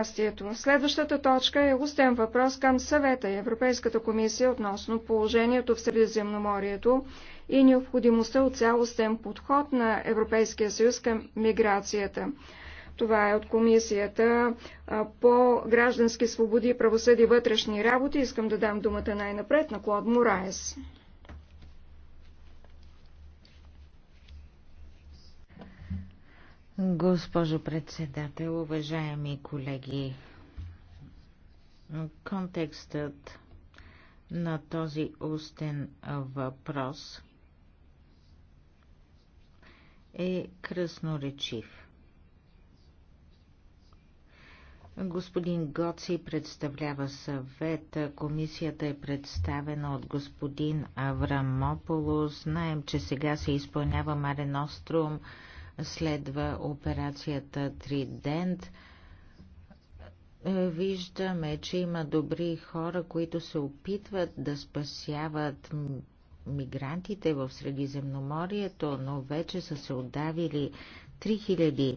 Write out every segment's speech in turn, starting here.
участието. Следващата точка е устен въпрос към съвета и Европейската комисия относно положението в Средиземноморието и необходимостта от цялостен подход на Европейския съюз към миграцията. Това е от комисията по граждански свободи, правосъди и вътрешни работи. Искам да дам думата най-напред на Клод Мораес. Госпожо председател, уважаеми колеги, контекстът на този устен въпрос е кръсноречив. Господин Гоци представлява съвета, комисията е представена от господин Аврамополо. Знаем, че сега се изпълнява Маренострум Острум, Следва операцията Тридент. Виждаме, че има добри хора, които се опитват да спасяват мигрантите в Средиземноморието, но вече са се отдавили 3000.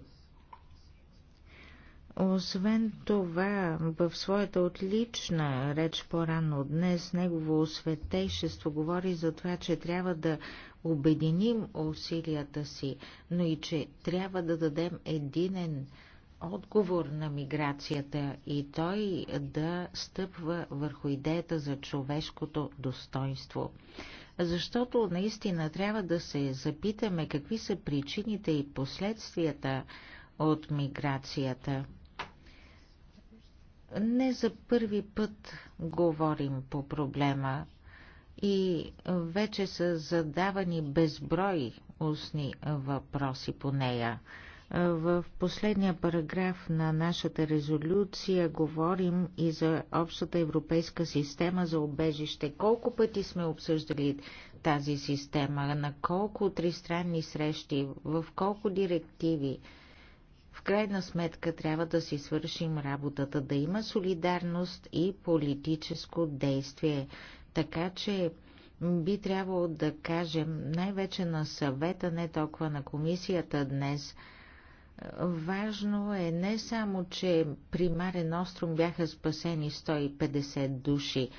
Освен това, в своята отлична реч по-рано днес, негово осветейшество говори за това, че трябва да обединим усилията си, но и че трябва да дадем единен отговор на миграцията и той да стъпва върху идеята за човешкото достоинство. Защото наистина трябва да се запитаме какви са причините и последствията от миграцията. Не за първи път говорим по проблема и вече са задавани безброй устни въпроси по нея. В последния параграф на нашата резолюция говорим и за общата европейска система за обежище. Колко пъти сме обсъждали тази система, на колко тристранни срещи, в колко директиви. В крайна сметка трябва да си свършим работата, да има солидарност и политическо действие. Така че би трябвало да кажем най-вече на съвета, не толкова на комисията днес. Важно е не само, че при Марен Остром бяха спасени 150 души.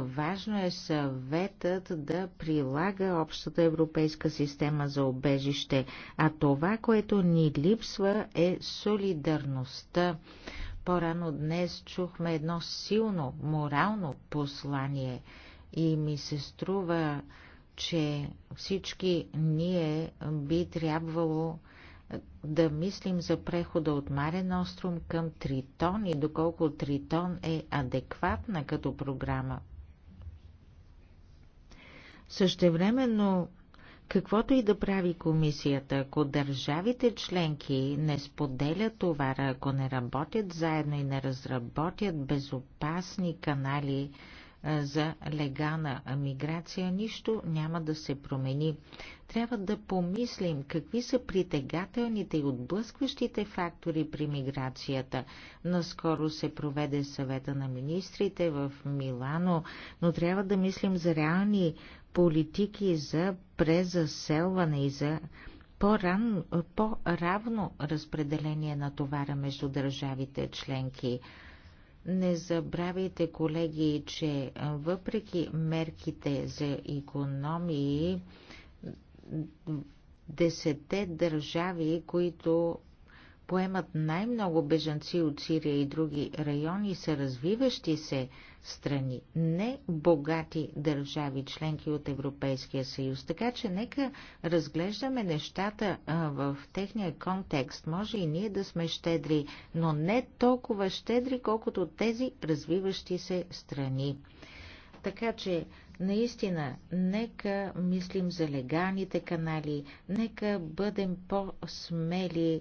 Важно е съветът да прилага общата европейска система за обежище, а това, което ни липсва е солидарността. По-рано днес чухме едно силно морално послание – и ми се струва, че всички ние би трябвало да мислим за прехода от Марен Острум към Тритон и доколко Тритон е адекватна като програма. Същевременно, каквото и да прави комисията, ако държавите членки не споделят товара, ако не работят заедно и не разработят безопасни канали за легална миграция, нищо няма да се промени. Трябва да помислим какви са притегателните и отблъскващите фактори при миграцията. Наскоро се проведе съвета на министрите в Милано, но трябва да мислим за реални политики за презаселване и за по-равно по разпределение на товара между държавите членки. Не забравяйте, колеги, че въпреки мерките за економии, десете държави, които поемат най-много бежанци от Сирия и други райони, са развиващи се страни, не богати държави, членки от Европейския съюз. Така че нека разглеждаме нещата в техния контекст. Може и ние да сме щедри, но не толкова щедри, колкото тези развиващи се страни. Така че, наистина, нека мислим за легалните канали, нека бъдем по-смели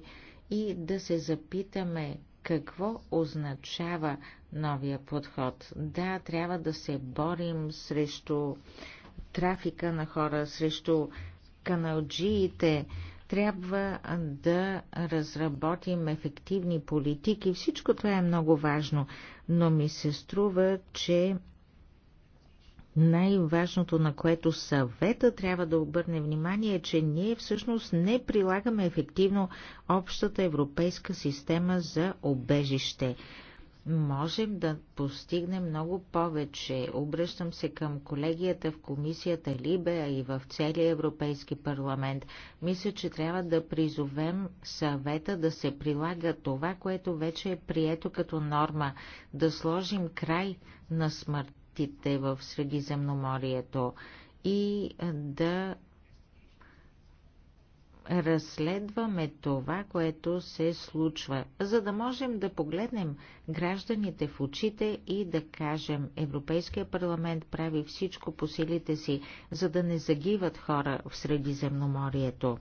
и да се запитаме какво означава новия подход. Да, трябва да се борим срещу трафика на хора, срещу каналджиите. Трябва да разработим ефективни политики. Всичко това е много важно, но ми се струва, че най-важното, на което съвета трябва да обърне внимание е, че ние всъщност не прилагаме ефективно общата европейска система за обежище. Можем да постигнем много повече. Обръщам се към колегията в комисията Либе, и в целия Европейски парламент. Мисля, че трябва да призовем съвета да се прилага това, което вече е прието като норма, да сложим край на смъртта конфликтите в Средиземноморието и да разследваме това, което се случва, за да можем да погледнем гражданите в очите и да кажем Европейския парламент прави всичко по силите си, за да не загиват хора в Средиземноморието.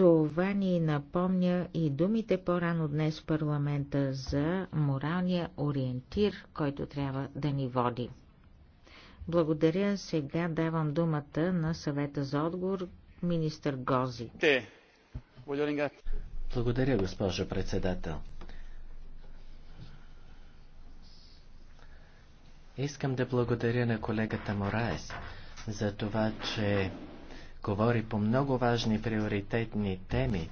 Това ни напомня и думите по-рано днес в парламента за моралния ориентир, който трябва да ни води. Благодаря. Сега давам думата на съвета за отговор министър Гози. Благодаря, госпожо председател. Искам да благодаря на колегата Мораес за това, че говори по много важни приоритетни теми.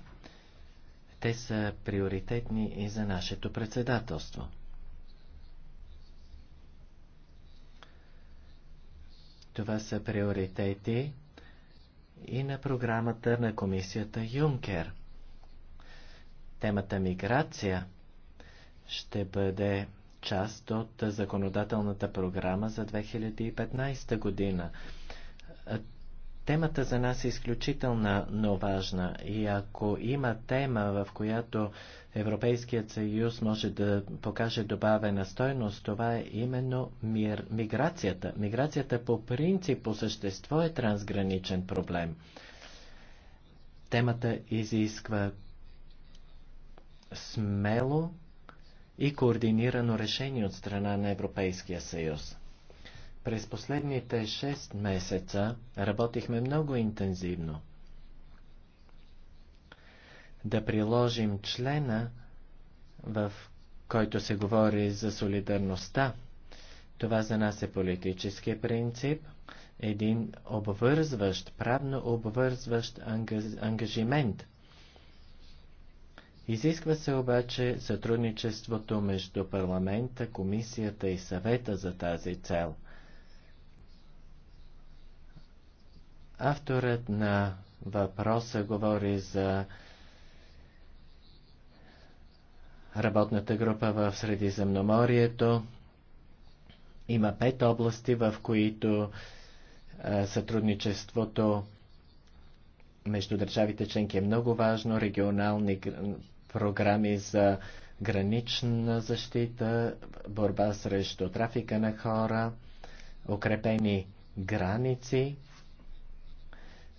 Те са приоритетни и за нашето председателство. Това са приоритети и на програмата на комисията Юнкер. Темата миграция ще бъде част от законодателната програма за 2015 година. Темата за нас е изключително важна и ако има тема, в която Европейският съюз може да покаже добавена стойност, това е именно мир, миграцията. Миграцията по принцип, по същество е трансграничен проблем. Темата изисква смело и координирано решение от страна на Европейския съюз. През последните 6 месеца работихме много интензивно. Да приложим члена, в който се говори за солидарността. Това за нас е политически принцип, един обвързващ, правно обвързващ ангажимент. Изисква се обаче сътрудничеството между парламента, комисията и съвета за тази цел – Авторът на въпроса говори за работната група в Средиземноморието. Има пет области, в които сътрудничеството между държавите членки е много важно. Регионални програми за гранична защита, борба срещу трафика на хора, укрепени граници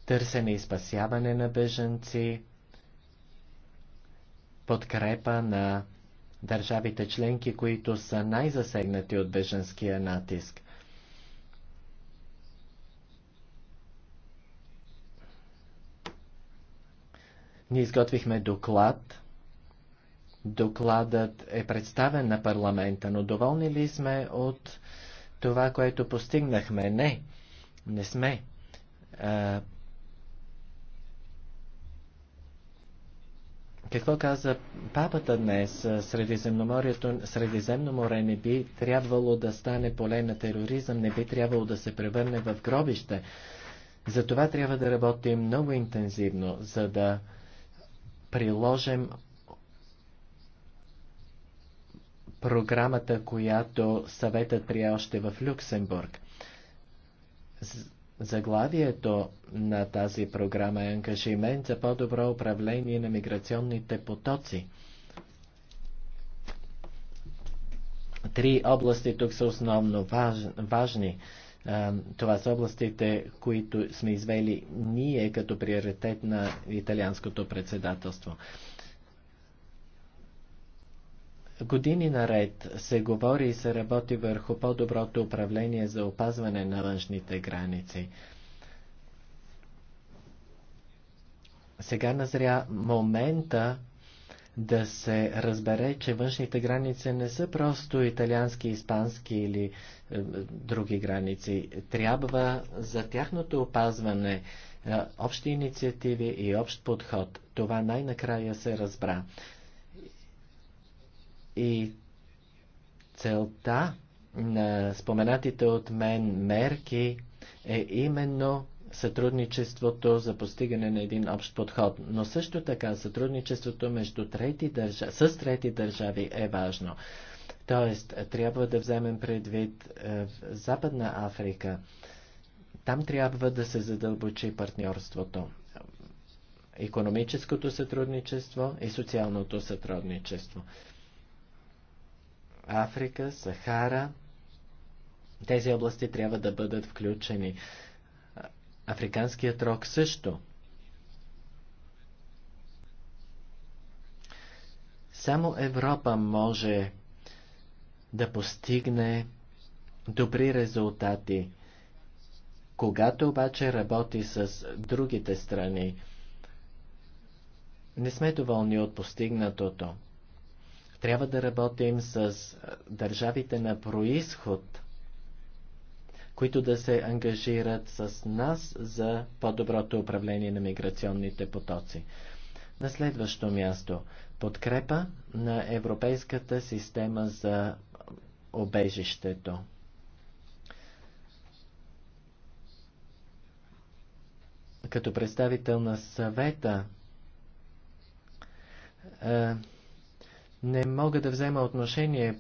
търсене и спасяване на бежанци, подкрепа на държавите членки, които са най-засегнати от беженския натиск. Ние изготвихме доклад. Докладът е представен на парламента, но доволни ли сме от това, което постигнахме? Не, не сме. Какво каза папата днес? Средиземноморието, море не би трябвало да стане поле на тероризъм, не би трябвало да се превърне в гробище. За това трябва да работим много интензивно, за да приложим програмата, която съветът прие още в Люксембург. Заглавието на тази програма е ангажимент за по-добро управление на миграционните потоци. Три области тук са основно важ, важни. Това са областите, които сме извели ние като приоритет на италианското председателство. Години наред се говори и се работи върху по-доброто управление за опазване на външните граници. Сега назря момента да се разбере, че външните граници не са просто италиански, испански или е, други граници. Трябва за тяхното опазване е, общи инициативи и общ подход. Това най-накрая се разбра. И целта на споменатите от мен мерки е именно сътрудничеството за постигане на един общ подход, но също така сътрудничеството между трети държа... с трети държави е важно. Тоест, трябва да вземем предвид е, Западна Африка. Там трябва да се задълбочи партньорството. Економическото сътрудничество и социалното сътрудничество. Африка, Сахара. Тези области трябва да бъдат включени. Африканският рок също. Само Европа може да постигне добри резултати. Когато обаче работи с другите страни, не сме доволни от постигнатото. Трябва да работим с държавите на происход, които да се ангажират с нас за по-доброто управление на миграционните потоци. На следващо място подкрепа на Европейската система за обежището. Като представител на съвета, не мога да взема отношение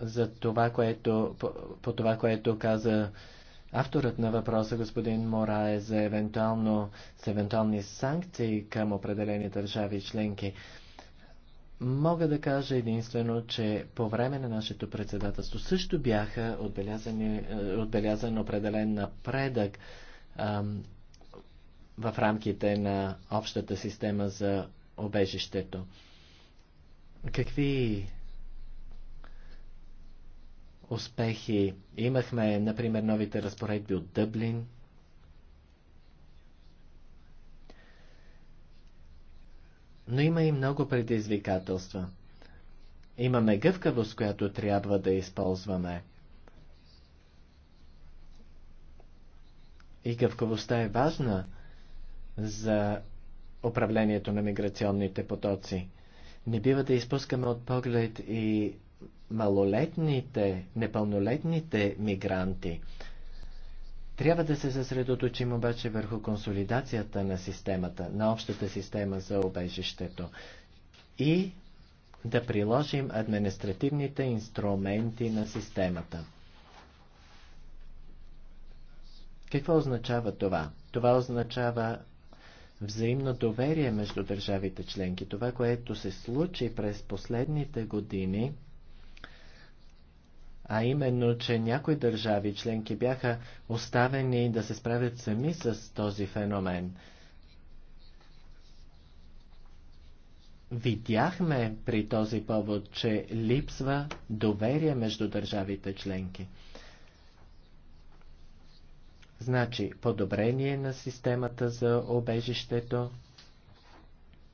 за това, което, по, по това, което каза авторът на въпроса, господин Морае, за евентуално, с евентуални санкции към определени държави и членки. Мога да кажа единствено, че по време на нашето председателство също бяха отбелязани, е, отбелязан определен напредък ам, в рамките на общата система за обежището. Какви успехи имахме, например, новите разпоредби от Дъблин? Но има и много предизвикателства. Имаме гъвкавост, която трябва да използваме. И гъвкавостта е важна за управлението на миграционните потоци. Не бива да изпускаме от поглед и малолетните, непълнолетните мигранти. Трябва да се съсредоточим обаче върху консолидацията на системата, на общата система за обежището и да приложим административните инструменти на системата. Какво означава това? Това означава взаимно доверие между държавите членки. Това, което се случи през последните години, а именно, че някои държави членки бяха оставени да се справят сами с този феномен. Видяхме при този повод, че липсва доверие между държавите членки. Значи, подобрение на системата за обежището.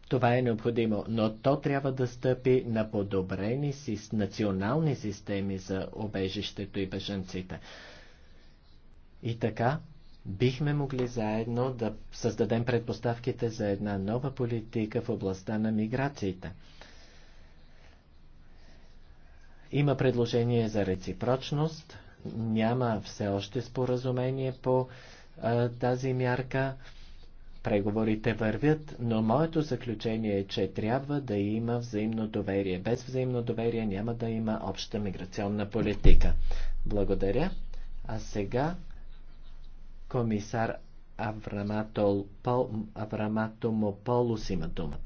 Това е необходимо, но то трябва да стъпи на подобрени си, национални системи за обежището и бежанците. И така, бихме могли заедно да създадем предпоставките за една нова политика в областта на миграциите. Има предложение за реципрочност – няма все още споразумение по а, тази мярка. Преговорите вървят, но моето заключение е, че трябва да има взаимно доверие. Без взаимно доверие няма да има обща миграционна политика. Благодаря. А сега комисар Авраматомополус има думата.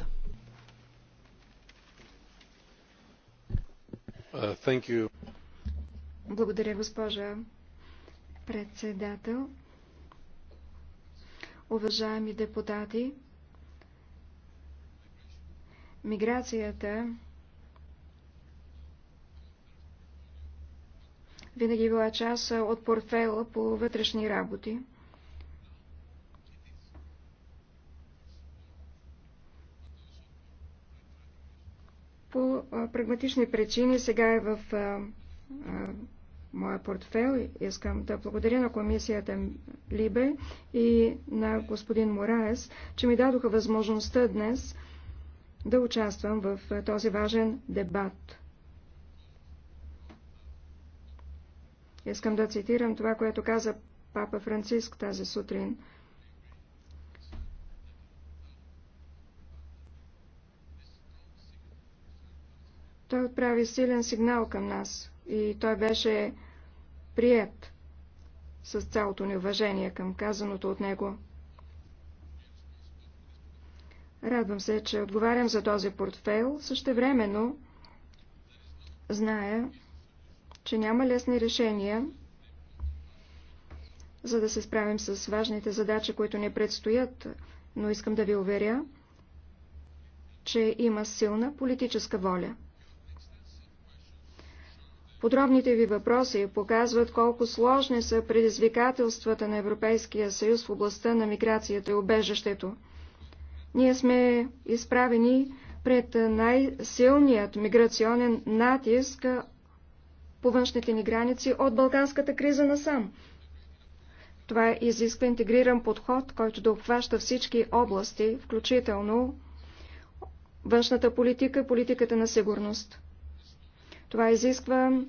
Uh, благодаря, госпожа председател. Уважаеми депутати, миграцията винаги била част от портфела по вътрешни работи. По прагматични причини сега е в моя портфел. Искам да благодаря на комисията Либе и на господин Мораес, че ми дадоха възможността днес да участвам в е, този важен дебат. Искам да цитирам това, което каза папа Франциск тази сутрин – Той отправи силен сигнал към нас и той беше прият с цялото ни уважение към казаното от него. Радвам се, че отговарям за този портфейл. Същевременно зная, че няма лесни решения, за да се справим с важните задачи, които ни предстоят, но искам да ви уверя, че има силна политическа воля. Подробните ви въпроси показват колко сложни са предизвикателствата на Европейския съюз в областта на миграцията и убежището. Ние сме изправени пред най-силният миграционен натиск по външните ни граници от Балканската криза насам. Това е изисква интегриран подход, който да обхваща всички области, включително външната политика, политиката на сигурност. Това изисква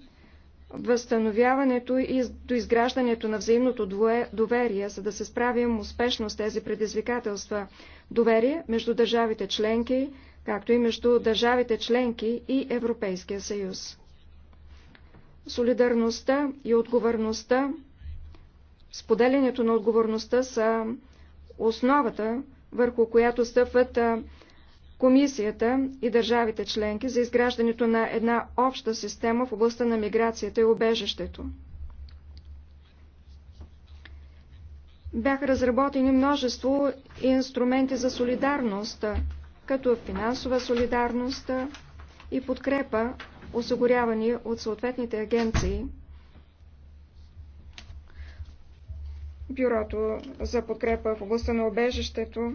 възстановяването и до изграждането на взаимното доверие, за да се справим успешно с тези предизвикателства. Доверие между държавите членки, както и между държавите членки и Европейския съюз. Солидарността и отговорността, споделянето на отговорността са основата, върху която стъпват Комисията и държавите членки за изграждането на една обща система в областта на миграцията и убежището. Бяха разработени множество инструменти за солидарност, като финансова солидарност и подкрепа, осигурявани от съответните агенции. Бюрото за подкрепа в областта на обежището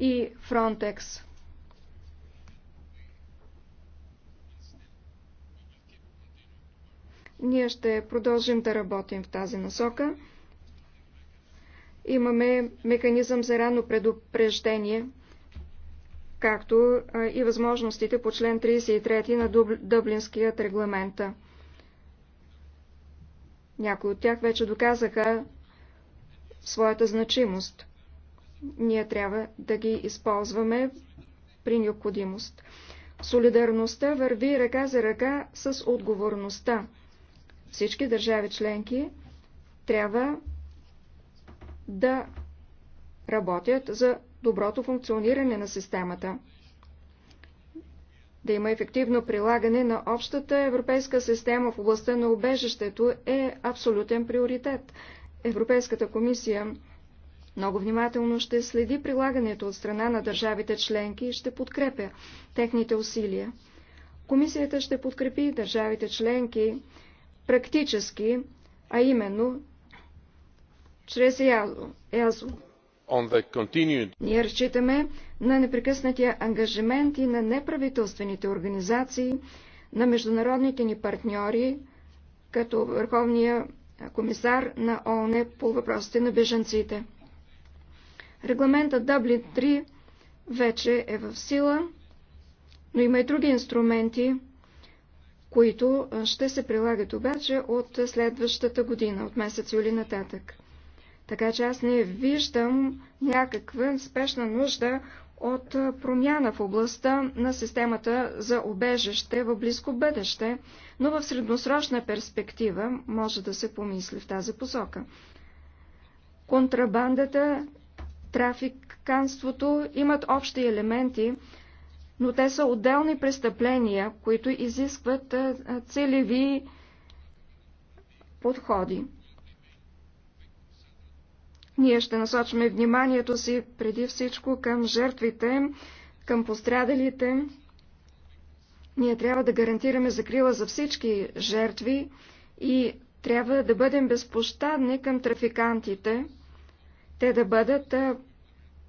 и Фронтекс. Ние ще продължим да работим в тази насока. Имаме механизъм за рано предупреждение, както и възможностите по член 33 на Дъблинският регламент. Някои от тях вече доказаха своята значимост. Ние трябва да ги използваме при необходимост. Солидарността върви ръка за ръка с отговорността всички държави членки трябва да работят за доброто функциониране на системата, да има ефективно прилагане на общата европейска система в областта на убежището е абсолютен приоритет. Европейската комисия много внимателно ще следи прилагането от страна на държавите членки и ще подкрепя техните усилия. Комисията ще подкрепи държавите членки практически, а именно чрез язо. Continued... Ние разчитаме на непрекъснатия ангажимент и на неправителствените организации, на международните ни партньори, като Върховния комисар на ООН по въпросите на беженците. Регламентът Дъблин 3 вече е в сила, но има и други инструменти, които ще се прилагат обаче от следващата година, от месец юли нататък. Така че аз не виждам някаква спешна нужда от промяна в областта на системата за обежище в близко бъдеще, но в средносрочна перспектива може да се помисли в тази посока. Контрабандата, трафиканството имат общи елементи, но те са отделни престъпления, които изискват целеви подходи. Ние ще насочваме вниманието си преди всичко към жертвите, към пострадалите. Ние трябва да гарантираме закрила за всички жертви и трябва да бъдем безпощадни към трафикантите, те да бъдат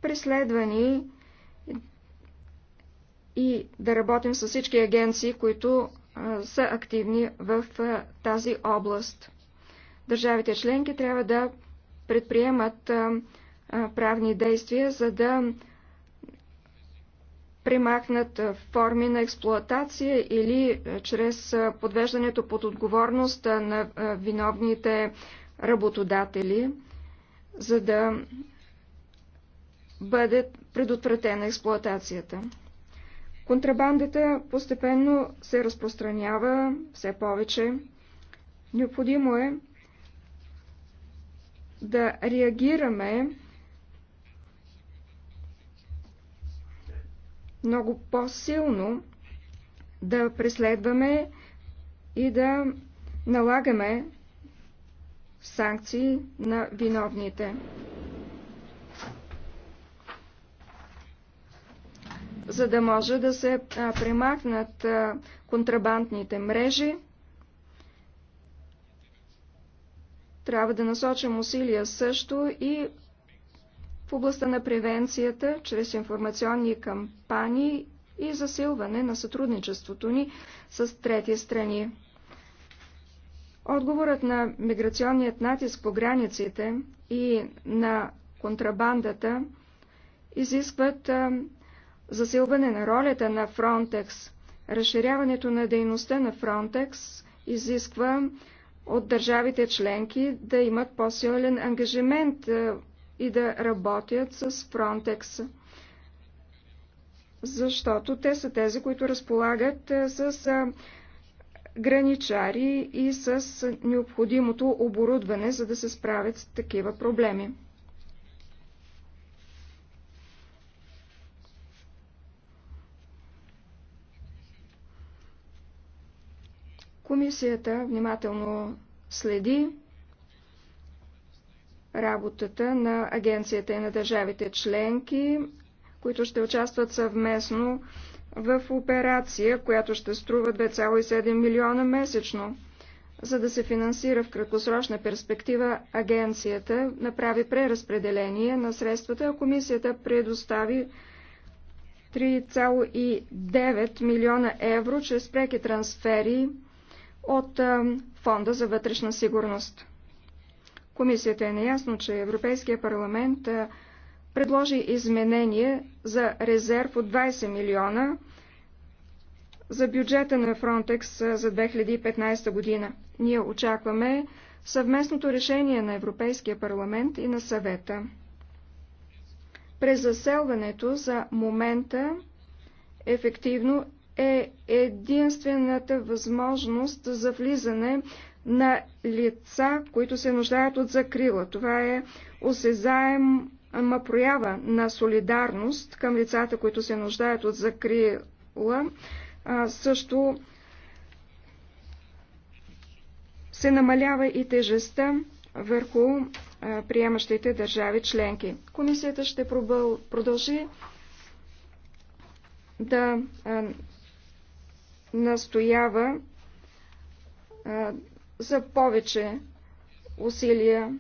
преследвани и да работим с всички агенции, които а, са активни в а, тази област. Държавите членки трябва да предприемат а, правни действия, за да премахнат форми на експлоатация или чрез подвеждането под отговорност на виновните работодатели, за да бъде предотвратена експлоатацията. Контрабандата постепенно се разпространява все повече. Необходимо е да реагираме много по-силно, да преследваме и да налагаме санкции на виновните. за да може да се премахнат контрабандните мрежи. Трябва да насочим усилия също и в областта на превенцията, чрез информационни кампании и засилване на сътрудничеството ни с трети страни. Отговорът на миграционният натиск по границите и на контрабандата изискват засилване на ролята на Фронтекс. Разширяването на дейността на Фронтекс изисква от държавите членки да имат по-силен ангажимент е, и да работят с Фронтекс, защото те са тези, които разполагат е, с е, граничари и с необходимото оборудване, за да се справят с такива проблеми. Комисията внимателно следи работата на агенцията и на държавите членки, които ще участват съвместно в операция, която ще струва 2,7 милиона месечно. За да се финансира в краткосрочна перспектива, агенцията направи преразпределение на средствата, а комисията предостави 3,9 милиона евро чрез преки трансфери от Фонда за вътрешна сигурност. Комисията е наясно, че Европейския парламент предложи изменение за резерв от 20 милиона за бюджета на Фронтекс за 2015 година. Ние очакваме съвместното решение на Европейския парламент и на съвета. През заселването за момента ефективно е единствената възможност за влизане на лица, които се нуждаят от закрила. Това е осезаема проява на солидарност към лицата, които се нуждаят от закрила. А, също се намалява и тежестта върху а, приемащите държави членки. Комисията ще продължи да настоява а, за повече усилия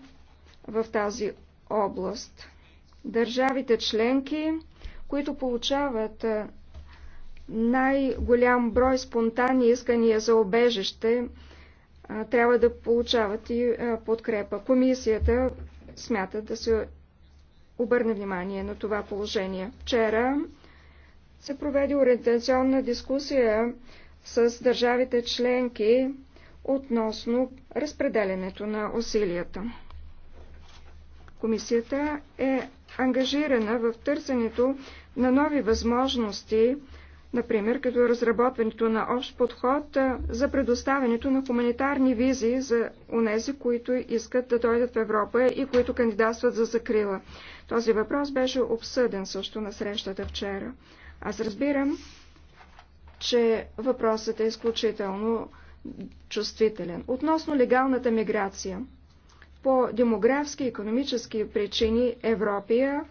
в тази област. Държавите членки, които получават най-голям брой спонтанни искания за обежище, трябва да получават и подкрепа. Комисията смята да се обърне внимание на това положение. Вчера се проведе ориентационна дискусия с държавите членки относно разпределенето на усилията. Комисията е ангажирана в търсенето на нови възможности, например като разработването на общ подход за предоставянето на хуманитарни визи за унези, които искат да дойдат в Европа и които кандидатстват за закрила. Този въпрос беше обсъден също на срещата вчера. Аз разбирам, че въпросът е изключително чувствителен. Относно легалната миграция. По демографски и економически причини Европия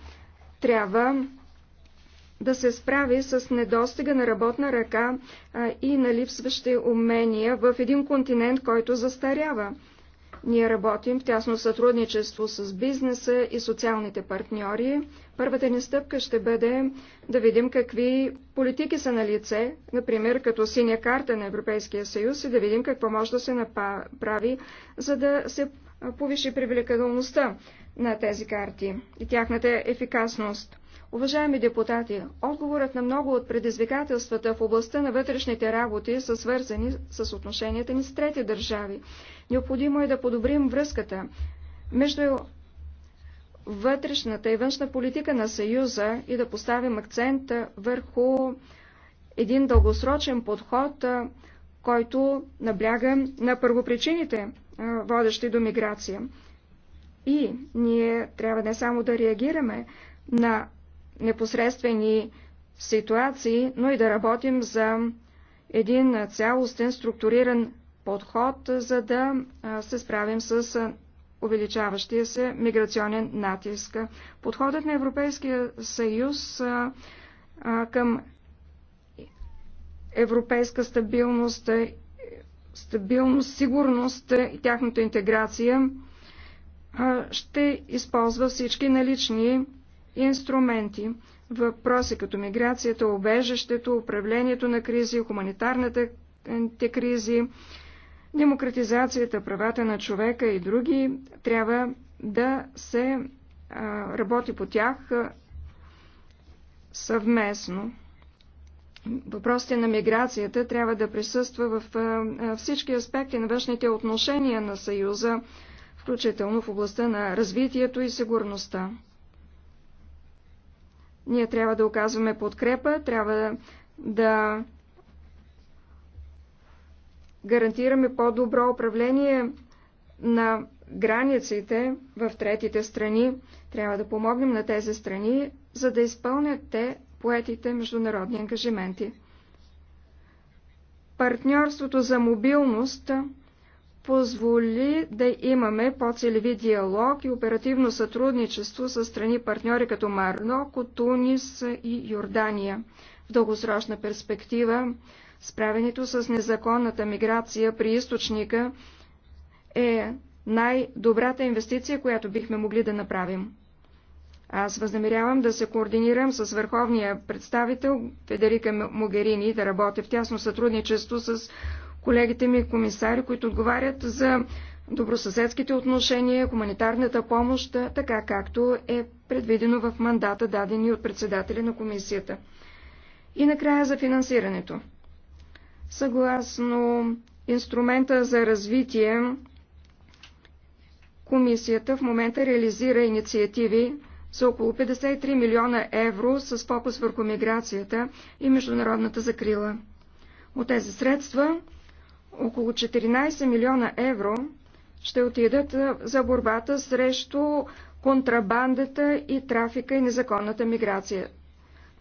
трябва да се справи с недостига на работна ръка и на липсващи умения в един континент, който застарява. Ние работим в тясно сътрудничество с бизнеса и социалните партньори. Първата ни стъпка ще бъде да видим какви политики са на лице, например като синя карта на Европейския съюз и да видим какво може да се направи, за да се повиши привлекателността на тези карти и тяхната ефикасност. Уважаеми депутати, отговорът на много от предизвикателствата в областта на вътрешните работи са свързани с отношенията ни с трети държави. Необходимо е да подобрим връзката между вътрешната и външна политика на Съюза и да поставим акцент върху един дългосрочен подход, който набляга на първопричините, водещи до миграция. И ние трябва не само да реагираме на непосредствени ситуации, но и да работим за един цялостен структуриран подход, за да се справим с увеличаващия се миграционен натиск. Подходът на Европейския съюз към европейска стабилност, стабилност, сигурност и тяхната интеграция ще използва всички налични инструменти. Въпроси като миграцията, обежището, управлението на кризи, хуманитарните кризи, демократизацията, правата на човека и други трябва да се работи по тях съвместно. Въпросите на миграцията трябва да присъства в всички аспекти на външните отношения на Съюза, включително в областта на развитието и сигурността. Ние трябва да оказваме подкрепа, трябва да гарантираме по-добро управление на границите в третите страни. Трябва да помогнем на тези страни, за да изпълнят те поетите международни ангажименти. Партньорството за мобилност позволи да имаме по-целеви диалог и оперативно сътрудничество с страни партньори като Марноко, Тунис и Йордания. В дългосрочна перспектива Справенето с незаконната миграция при източника е най-добрата инвестиция, която бихме могли да направим. Аз възнамерявам да се координирам с върховния представител Федерика Могерини да работя в тясно сътрудничество с колегите ми комисари, които отговарят за добросъседските отношения, хуманитарната помощ, така както е предвидено в мандата, дадени от председателя на комисията. И накрая за финансирането. Съгласно инструмента за развитие, комисията в момента реализира инициативи за около 53 милиона евро с фокус върху миграцията и международната закрила. От тези средства около 14 милиона евро ще отидат за борбата срещу контрабандата и трафика и незаконната миграция.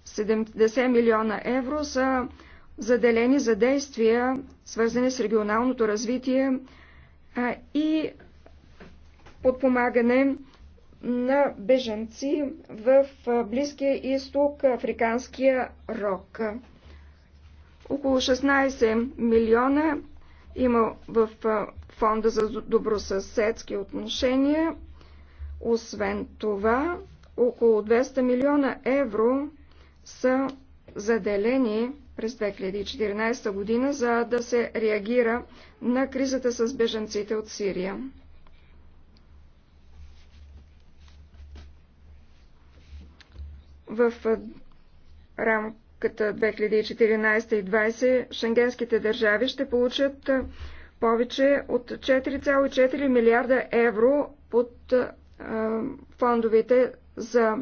70 милиона евро са заделени за действия, свързани с регионалното развитие а, и подпомагане на беженци в Близкия изток, Африканския рок. Около 16 милиона има в Фонда за добросъседски отношения. Освен това, около 200 милиона евро са заделени през 2014 година, за да се реагира на кризата с бежанците от Сирия. В рамката 2014 и 2020 шенгенските държави ще получат повече от 4,4 милиарда евро под фондовете за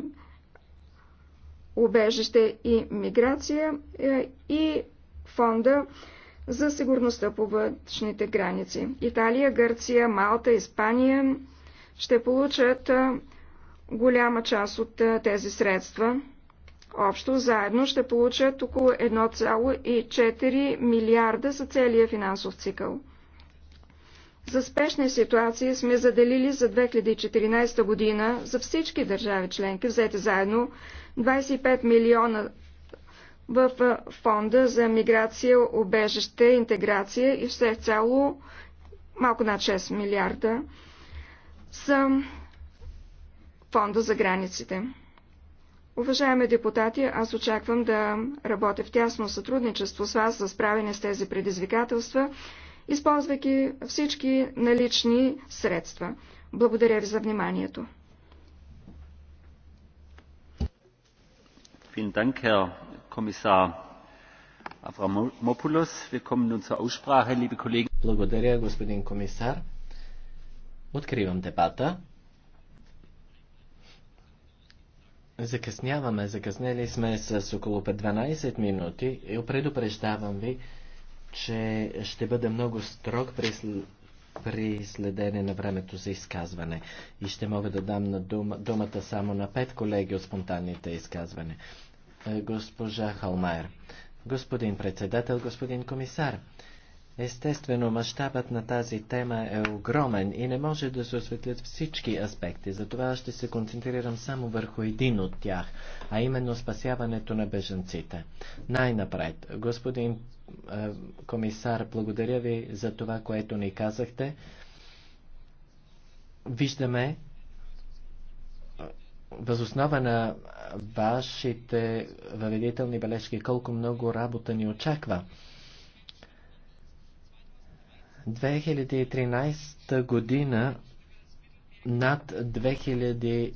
убежище и миграция е, и фонда за сигурността по външните граници. Италия, Гърция, Малта, Испания ще получат е, голяма част от е, тези средства. Общо заедно ще получат около 1,4 милиарда за целия финансов цикъл. За спешни ситуации сме заделили за 2014 година за всички държави членки, взете заедно, 25 милиона в фонда за миграция, обежище, интеграция и все цяло малко над 6 милиарда са фонда за границите. Уважаеми депутати, аз очаквам да работя в тясно сътрудничество с вас за справяне с тези предизвикателства, използвайки всички налични средства. Благодаря ви за вниманието. herr kommissar avramopoulos. nun zur aussprache liebe kollegen. благодаря господин комисар. откривам дебата. Закъсняваме, закъснели сме с около 12 минути и предупреждавам ви, че ще бъде много строг при, при следене на времето за изказване и ще мога да дам на дум, думата само на пет колеги от спонтанните изказвания госпожа Халмайер. Господин председател, господин комисар, Естествено, мащабът на тази тема е огромен и не може да се осветлят всички аспекти, затова ще се концентрирам само върху един от тях, а именно спасяването на бежанците. Най-напред, господин е, комисар, благодаря ви за това, което ни казахте. Виждаме, Възоснова на вашите въведителни бележки, колко много работа ни очаква. 2013 година над 2000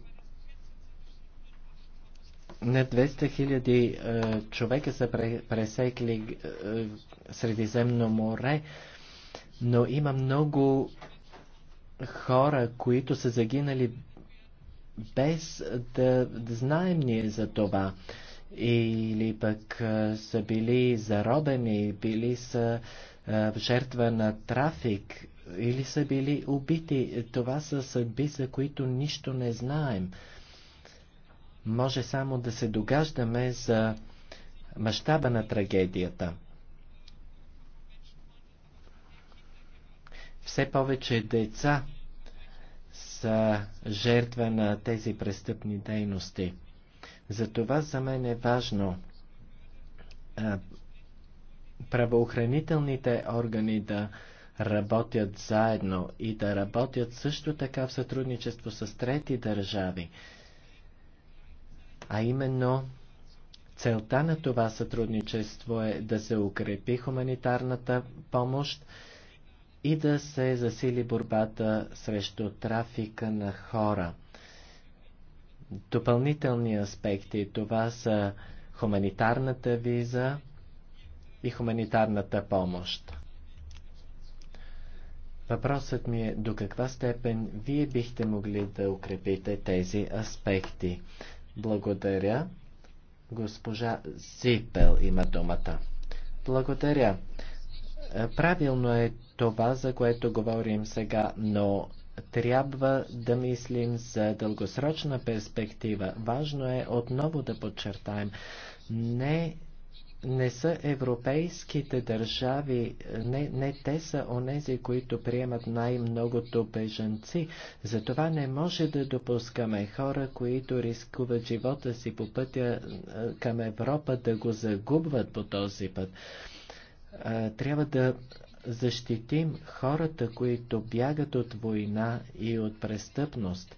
Не 200 хиляди е, човека са пресекли е, Средиземно море, но има много хора, които са загинали без да, да знаем ние за това. Или пък са били заробени, били са жертва на трафик, или са били убити. Това са съдби, за които нищо не знаем. Може само да се догаждаме за мащаба на трагедията. Все повече деца са жертва на тези престъпни дейности. Затова за мен е важно правоохранителните органи да работят заедно и да работят също така в сътрудничество с трети държави. А именно, целта на това сътрудничество е да се укрепи хуманитарната помощ, и да се засили борбата срещу трафика на хора. Допълнителни аспекти това са хуманитарната виза и хуманитарната помощ. Въпросът ми е до каква степен вие бихте могли да укрепите тези аспекти. Благодаря. Госпожа Зипел има думата. Благодаря. Правилно е това, за което говорим сега, но трябва да мислим за дългосрочна перспектива. Важно е отново да подчертаем, не, не са европейските държави, не, не те са онези, които приемат най-многото бежанци. Затова не може да допускаме хора, които рискуват живота си по пътя към Европа, да го загубват по този път трябва да защитим хората, които бягат от война и от престъпност.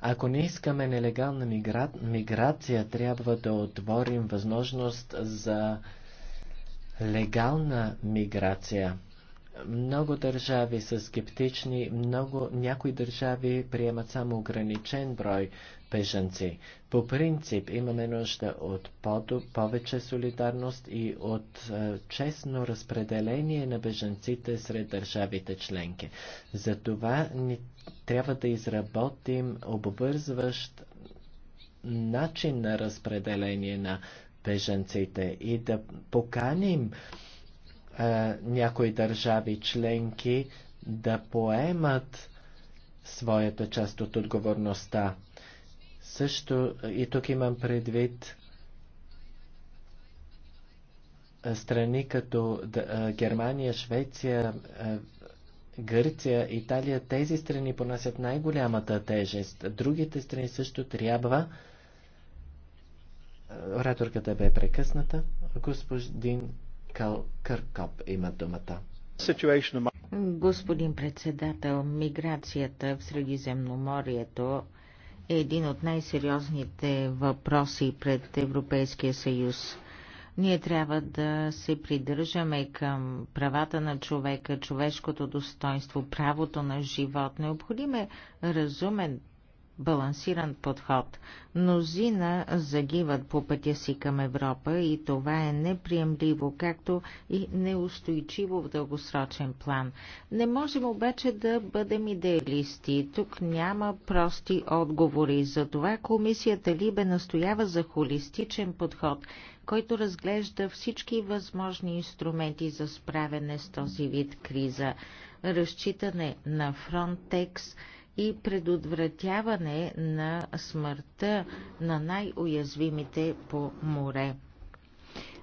Ако не искаме нелегална мигра... миграция, трябва да отворим възможност за легална миграция. Много държави са скептични, много, някои държави приемат само ограничен брой бежанци. По принцип имаме нужда от повече солидарност и от е, честно разпределение на бежанците сред държавите членки. Затова ни трябва да изработим обвързващ начин на разпределение на бежанците и да поканим е, някои държави членки да поемат своята част от отговорността. Също и тук имам предвид е, страни като е, Германия, Швеция, Гърция, Италия, тези страни понасят най-голямата тежест. Другите страни също трябва. Ораторката бе прекъсната. Господин Кал Къркоп има думата. Господин председател, миграцията в Средиземноморието е един от най-сериозните въпроси пред Европейския съюз. Ние трябва да се придържаме към правата на човека, човешкото достоинство, правото на живот. Необходим е разумен балансиран подход. Мнозина загиват по пътя си към Европа и това е неприемливо, както и неустойчиво в дългосрочен план. Не можем обаче да бъдем идеалисти. Тук няма прости отговори. За това комисията Либе настоява за холистичен подход, който разглежда всички възможни инструменти за справяне с този вид криза. Разчитане на Фронтекс – и предотвратяване на смъртта на най-уязвимите по море.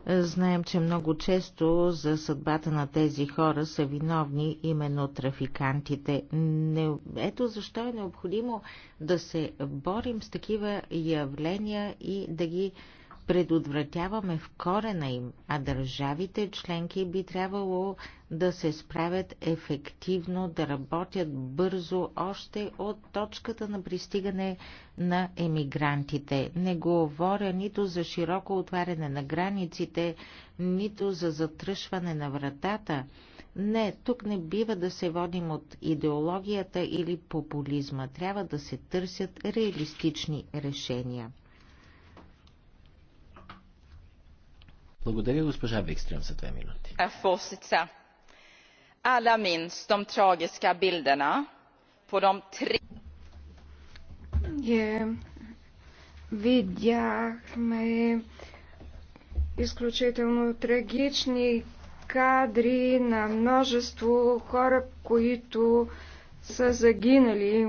Знаем, че много често за съдбата на тези хора са виновни именно трафикантите. Не... Ето защо е необходимо да се борим с такива явления и да ги предотвратяваме в корена им, а държавите членки би трябвало да се справят ефективно, да работят бързо още от точката на пристигане на емигрантите. Не говоря нито за широко отваряне на границите, нито за затръшване на вратата. Не, тук не бива да се водим от идеологията или популизма. Трябва да се търсят реалистични решения. Благодаря госпожа Викстрем за две минути. Alla minns de tragiska bilderna på de tre... Yeah. Видяхме изключително трагични кадри на множество хора, които са загинали.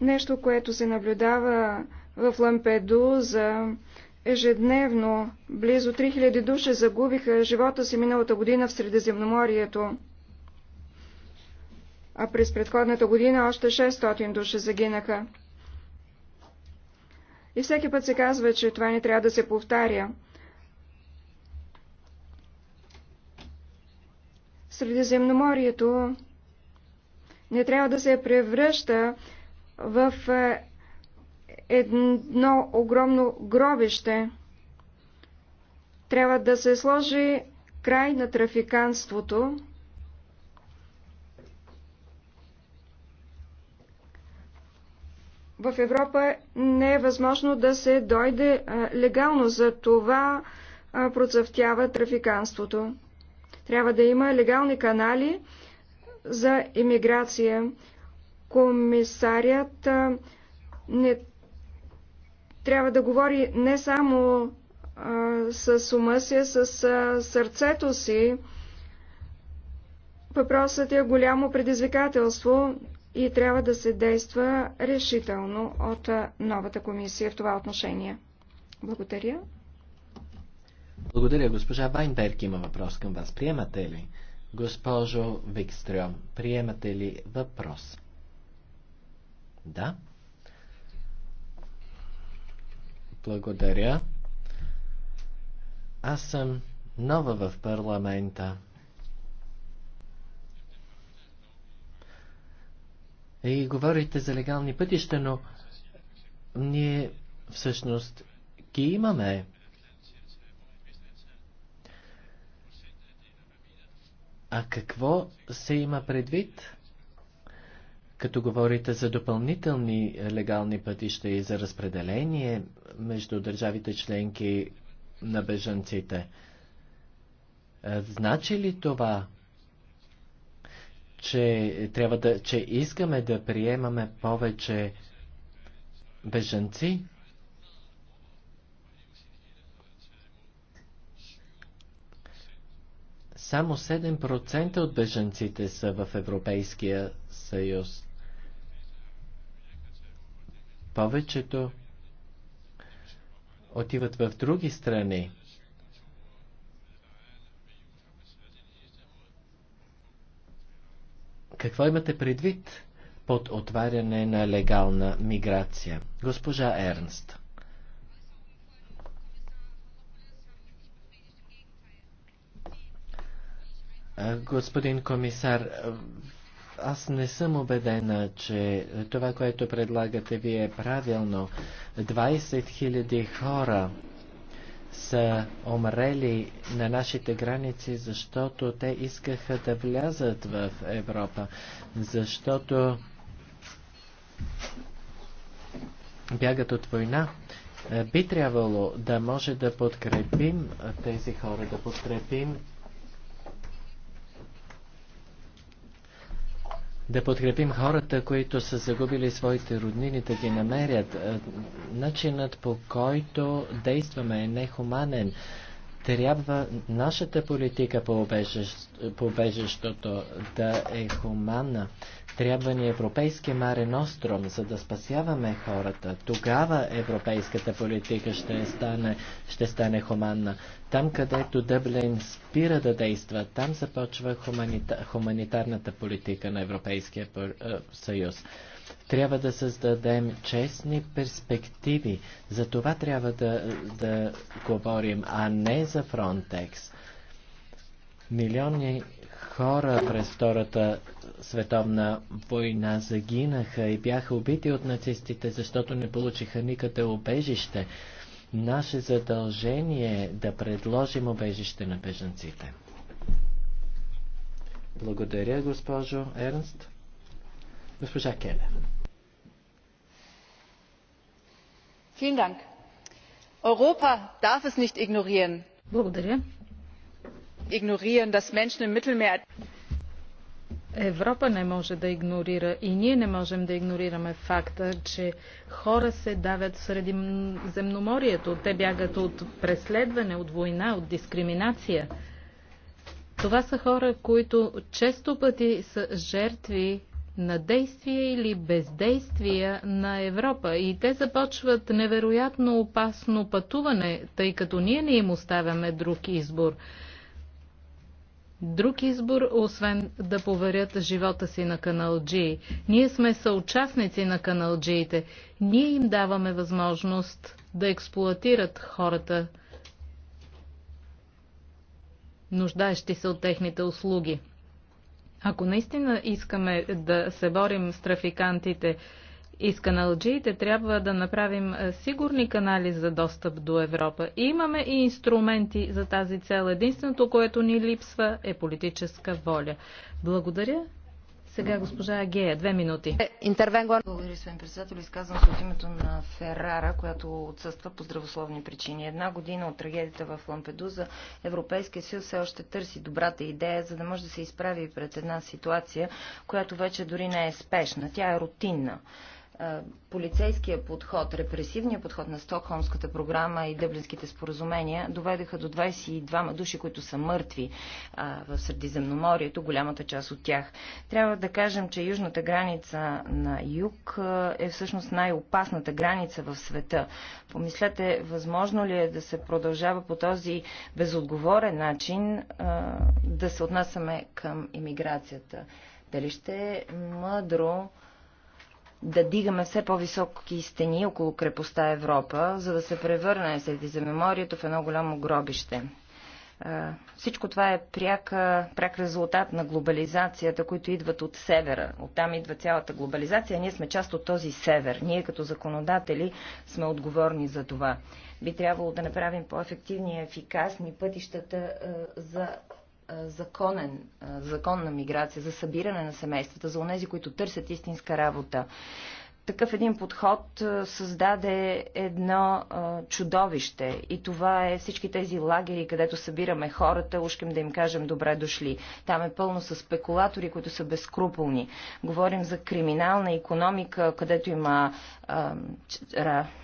Нещо, което се наблюдава в Лампедуза, Ежедневно близо 3000 души загубиха живота си миналата година в Средиземноморието, а през предходната година още 600 души загинаха. И всеки път се казва, че това не трябва да се повтаря. Средиземноморието не трябва да се превръща в е, едно огромно гробище. Трябва да се сложи край на трафиканството. В Европа не е възможно да се дойде легално, за това процъфтява трафиканството. Трябва да има легални канали за иммиграция. Комисарият не трябва да говори не само а, с ума си, а с а, сърцето си. Въпросът е голямо предизвикателство и трябва да се действа решително от новата комисия в това отношение. Благодаря. Благодаря, госпожа Вайнберг има въпрос към вас. Приемате ли, госпожо Викстрем, приемате ли въпрос? Да. Благодаря. Аз съм нова в парламента. И говорите за легални пътища, но ние всъщност ги имаме. А какво се има предвид? Като говорите за допълнителни легални пътища и за разпределение между държавите членки на бежанците, е, значи ли това, че, трябва да, че искаме да приемаме повече бежанци? Само 7% от бежанците са в Европейския съюз. Повечето отиват в други страни. Какво имате предвид под отваряне на легална миграция? Госпожа Ернст. Господин комисар, аз не съм убедена, че това, което предлагате вие е правилно. 20 000 хора са умрели на нашите граници, защото те искаха да влязат в Европа, защото бягат от война. Е, би трябвало да може да подкрепим тези хора, да подкрепим да подкрепим хората, които са загубили своите роднини, да ги намерят. Е, начинът по който действаме е нехуманен. Трябва нашата политика по убежището да е хуманна. Трябва ни европейски Маре Ностром, за да спасяваме хората. Тогава европейската политика ще стане, ще стане хуманна. Там, където Дъблин спира да действа, там започва хуманита, хуманитарната политика на Европейския е, съюз. Трябва да създадем честни перспективи. За това трябва да, да говорим, а не за Фронтекс. Милиони хора през втората световна война загинаха и бяха убити от нацистите, защото не получиха никъде обежище. Наше задължение е да предложим обежище на беженците. Благодаря, госпожо Ернст. Госпожа Келе. Vielen Dank. Europa darf es nicht ignorieren. Благодаря. Ignorieren, dass Menschen im Mittelmeer Европа не може да игнорира и ние не можем да игнорираме факта, че хора се давят среди земноморието. Те бягат от преследване, от война, от дискриминация. Това са хора, които често пъти са жертви на действия или бездействия на Европа. И те започват невероятно опасно пътуване, тъй като ние не им оставяме друг избор друг избор, освен да поверят живота си на каналджии. Ние сме съучастници на каналджиите. Ние им даваме възможност да експлуатират хората, нуждаещи се от техните услуги. Ако наистина искаме да се борим с трафикантите, и с каналджиите трябва да направим е, сигурни канали за достъп до Европа. И имаме и инструменти за тази цел. Единственото, което ни липсва е политическа воля. Благодаря. Сега госпожа Агея, две минути. Интервенгуар. Благодаря, господин председател. Изказвам се от името на Ферара, която отсъства по здравословни причини. Една година от трагедията в Лампедуза Европейския съюз все още търси добрата идея, за да може да се изправи пред една ситуация, която вече дори не е спешна. Тя е рутинна. Е, полицейския подход, репресивния подход на Стокхолмската програма и дъблинските споразумения доведеха до 22 души, които са мъртви а, е, в Средиземноморието, голямата част от тях. Трябва да кажем, че южната граница на юг е, е всъщност най-опасната граница в света. Помислете, възможно ли е да се продължава по този безотговорен начин а, да се отнасяме към иммиграцията? Дали ще е мъдро да дигаме все по-високи стени около крепостта Европа, за да се превърне меморието в едно голямо гробище. Всичко това е пряк, пряк резултат на глобализацията, които идват от севера. Оттам идва цялата глобализация. Ние сме част от този север. Ние като законодатели сме отговорни за това. Би трябвало да направим по-ефективни и ефикасни пътищата за законен, законна миграция, за събиране на семействата, за онези, които търсят истинска работа. Такъв един подход създаде едно чудовище и това е всички тези лагери, където събираме хората, ушкам да им кажем добре дошли. Там е пълно с спекулатори, които са безкруполни. Говорим за криминална економика, където има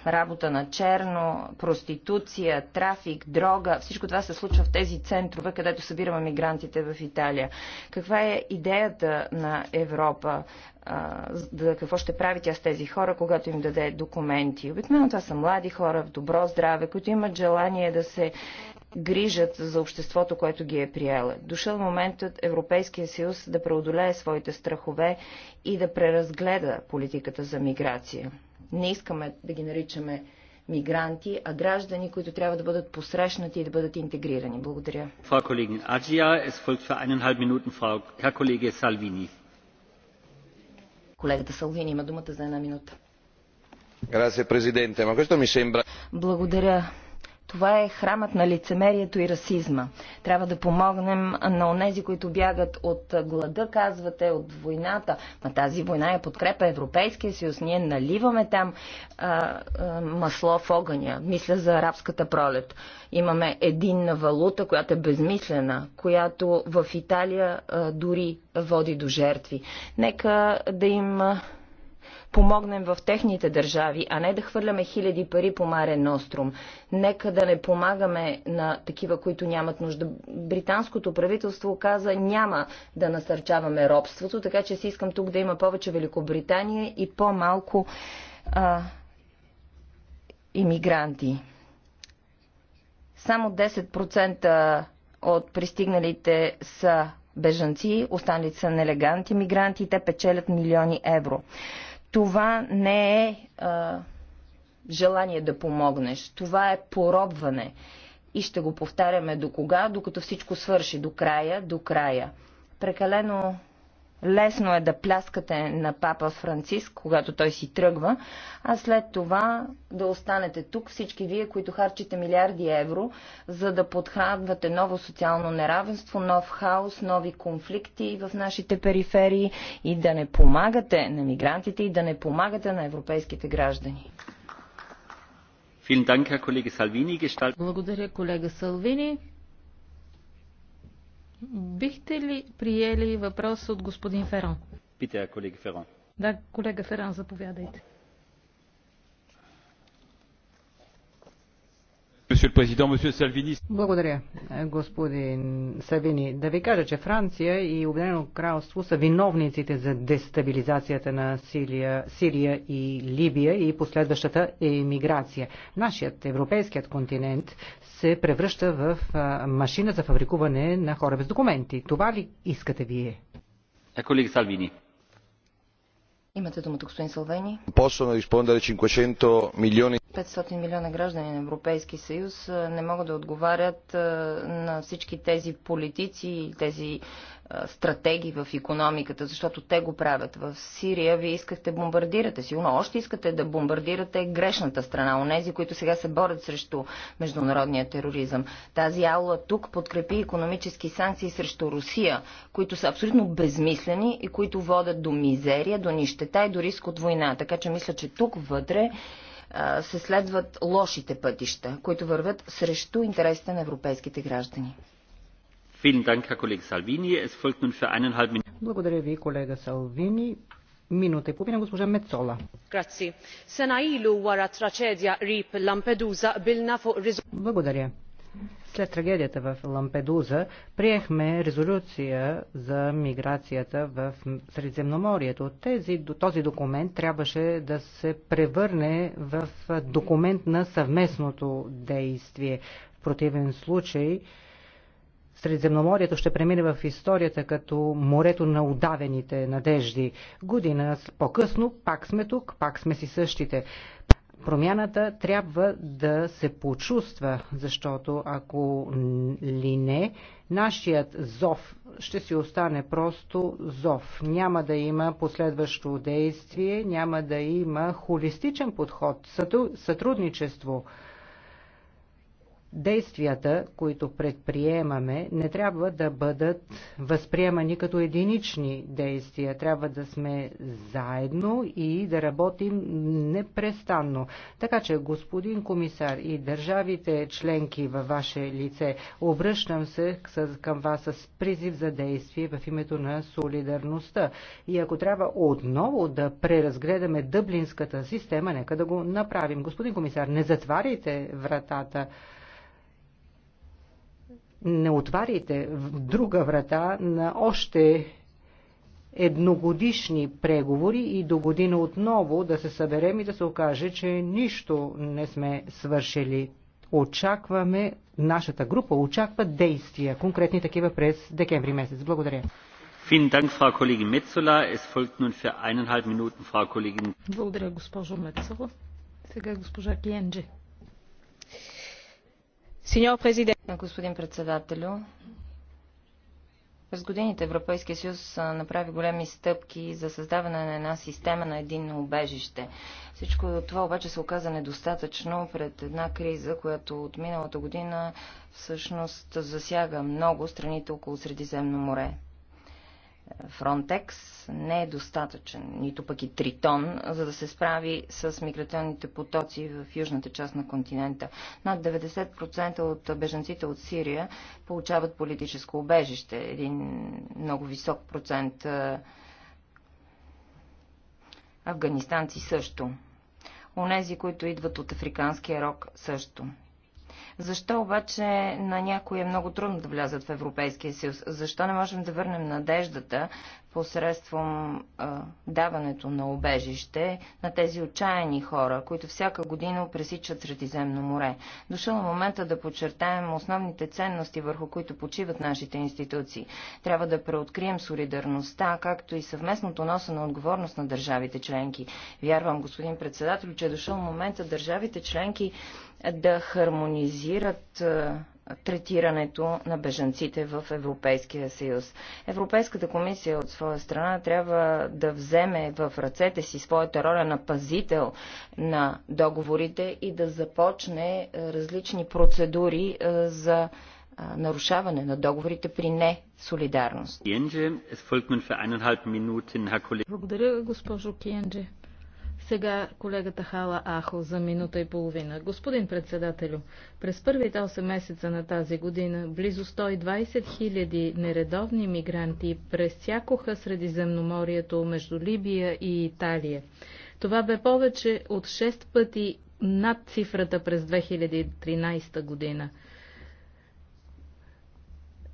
работа на черно, проституция, трафик, дрога. Всичко това се случва в тези центрове, където събираме мигрантите в Италия. Каква е идеята на Европа? а, да, какво ще прави тя с тези хора, когато им даде документи. Обикновено това са млади хора в добро здраве, които имат желание да се грижат за обществото, което ги е приела. Дошъл моментът Европейския съюз да преодолее своите страхове и да преразгледа политиката за миграция. Не искаме да ги наричаме мигранти, а граждани, които трябва да бъдат посрещнати и да бъдат интегрирани. Благодаря. Frau Kollegin Agia, es folgt für eineinhalb Minuten Frau Herr Колегата Салвини има думата за една минута. Благодаря, президенте. Благодаря, това е храмът на лицемерието и расизма. Трябва да помогнем на онези, които бягат от глада, казвате, от войната. Ма тази война е подкрепа Европейския съюз. Ние наливаме там а, а, масло в огъня. Мисля за арабската пролет. Имаме единна валута, която е безмислена, която в Италия а, дори води до жертви. Нека да им помогнем в техните държави, а не да хвърляме хиляди пари по Маре Ностром. Нека да не помагаме на такива, които нямат нужда. Британското правителство каза няма да насърчаваме робството, така че си искам тук да има повече Великобритания и по-малко иммигранти. Само 10% от пристигналите са бежанци, останалите са нелеганти мигранти, те печелят милиони евро. Това не е а, желание да помогнеш, това е поробване. И ще го повтаряме до кога, докато всичко свърши, до края, до края. Прекалено Лесно е да пляскате на папа Франциск, когато той си тръгва, а след това да останете тук всички вие, които харчите милиарди евро, за да подхранвате ново социално неравенство, нов хаос, нови конфликти в нашите периферии и да не помагате на мигрантите и да не помагате на европейските граждани. Благодаря, колега Салвини. Бихте ли приели въпрос от господин Ферон? Питая колега Ферон. Да, колега Ферон, заповядайте. Благодаря, е, господин Савини. Да ви кажа, че Франция и Обединено кралство са виновниците за дестабилизацията на Сирия, Сирия и Либия и последващата емиграция. Нашият европейският континент се превръща в машина за фабрикуване на хора без документи. Това ли искате вие? Е, колега Салвини. Имате думата, господин Салвини. да rispondere 500 милиони 500 милиона граждани на Европейски съюз не могат да отговарят на всички тези политици и тези стратегии в економиката, защото те го правят. В Сирия вие искахте бомбардирате, сигурно още искате да бомбардирате грешната страна, онези, които сега се борят срещу международния тероризъм. Тази аула тук подкрепи економически санкции срещу Русия, които са абсолютно безмислени и които водят до мизерия, до нищета и до риск от война. Така че мисля, че тук вътре се следват лошите пътища, които върват срещу интересите на европейските граждани. Благодаря ви, колега Салвини. Минута и половина госпожа Мецола. Благодаря. След трагедията в Лампедуза приехме резолюция за миграцията в Средиземноморието. Тези, този документ трябваше да се превърне в документ на съвместното действие. В противен случай Средиземноморието ще премине в историята като морето на удавените надежди. Година по-късно пак сме тук, пак сме си същите. Промяната трябва да се почувства, защото ако ли не, нашият зов ще си остане просто зов. Няма да има последващо действие, няма да има холистичен подход, сътрудничество действията, които предприемаме, не трябва да бъдат възприемани като единични действия. Трябва да сме заедно и да работим непрестанно. Така че, господин комисар и държавите членки във ваше лице, обръщам се към вас с призив за действие в името на солидарността. И ако трябва отново да преразгледаме дъблинската система, нека да го направим. Господин комисар, не затваряйте вратата не отваряйте друга врата на още едногодишни преговори и до година отново да се съберем и да се окаже, че нищо не сме свършили. Очакваме, нашата група очаква действия, конкретни такива през декември месец. Благодаря. Благодаря, госпожо Мецова. Сега госпожа Киенджи. Господин председателю, през годините Европейския съюз направи големи стъпки за създаване на една система на единно убежище. Всичко това обаче се оказа недостатъчно пред една криза, която от миналата година всъщност засяга много страните около Средиземно море. Фронтекс не е достатъчен, нито пък и Тритон, за да се справи с миграционните потоци в южната част на континента. Над 90% от беженците от Сирия получават политическо убежище. Един много висок процент афганистанци също. Онези, които идват от Африканския рок също. Защо обаче на някои е много трудно да влязат в Европейския съюз? Защо не можем да върнем надеждата посредством а, даването на обежище на тези отчаяни хора, които всяка година пресичат Средиземно море. Дошъл е момента да подчертаем основните ценности, върху които почиват нашите институции. Трябва да преоткрием солидарността, както и съвместното носа на отговорност на държавите членки. Вярвам, господин председател, че е дошъл момента държавите членки да хармонизират третирането на бежанците в Европейския съюз. Европейската комисия от своя страна трябва да вземе в ръцете си своята роля на пазител на договорите и да започне е, различни процедури е, за е, нарушаване на договорите при не солидарност. Благодаря, госпожо Киенже. Сега колегата Хала Ахо за минута и половина. Господин председателю, през първите 8 месеца на тази година близо 120 000 нередовни мигранти пресякоха Средиземноморието между Либия и Италия. Това бе повече от 6 пъти над цифрата през 2013 година.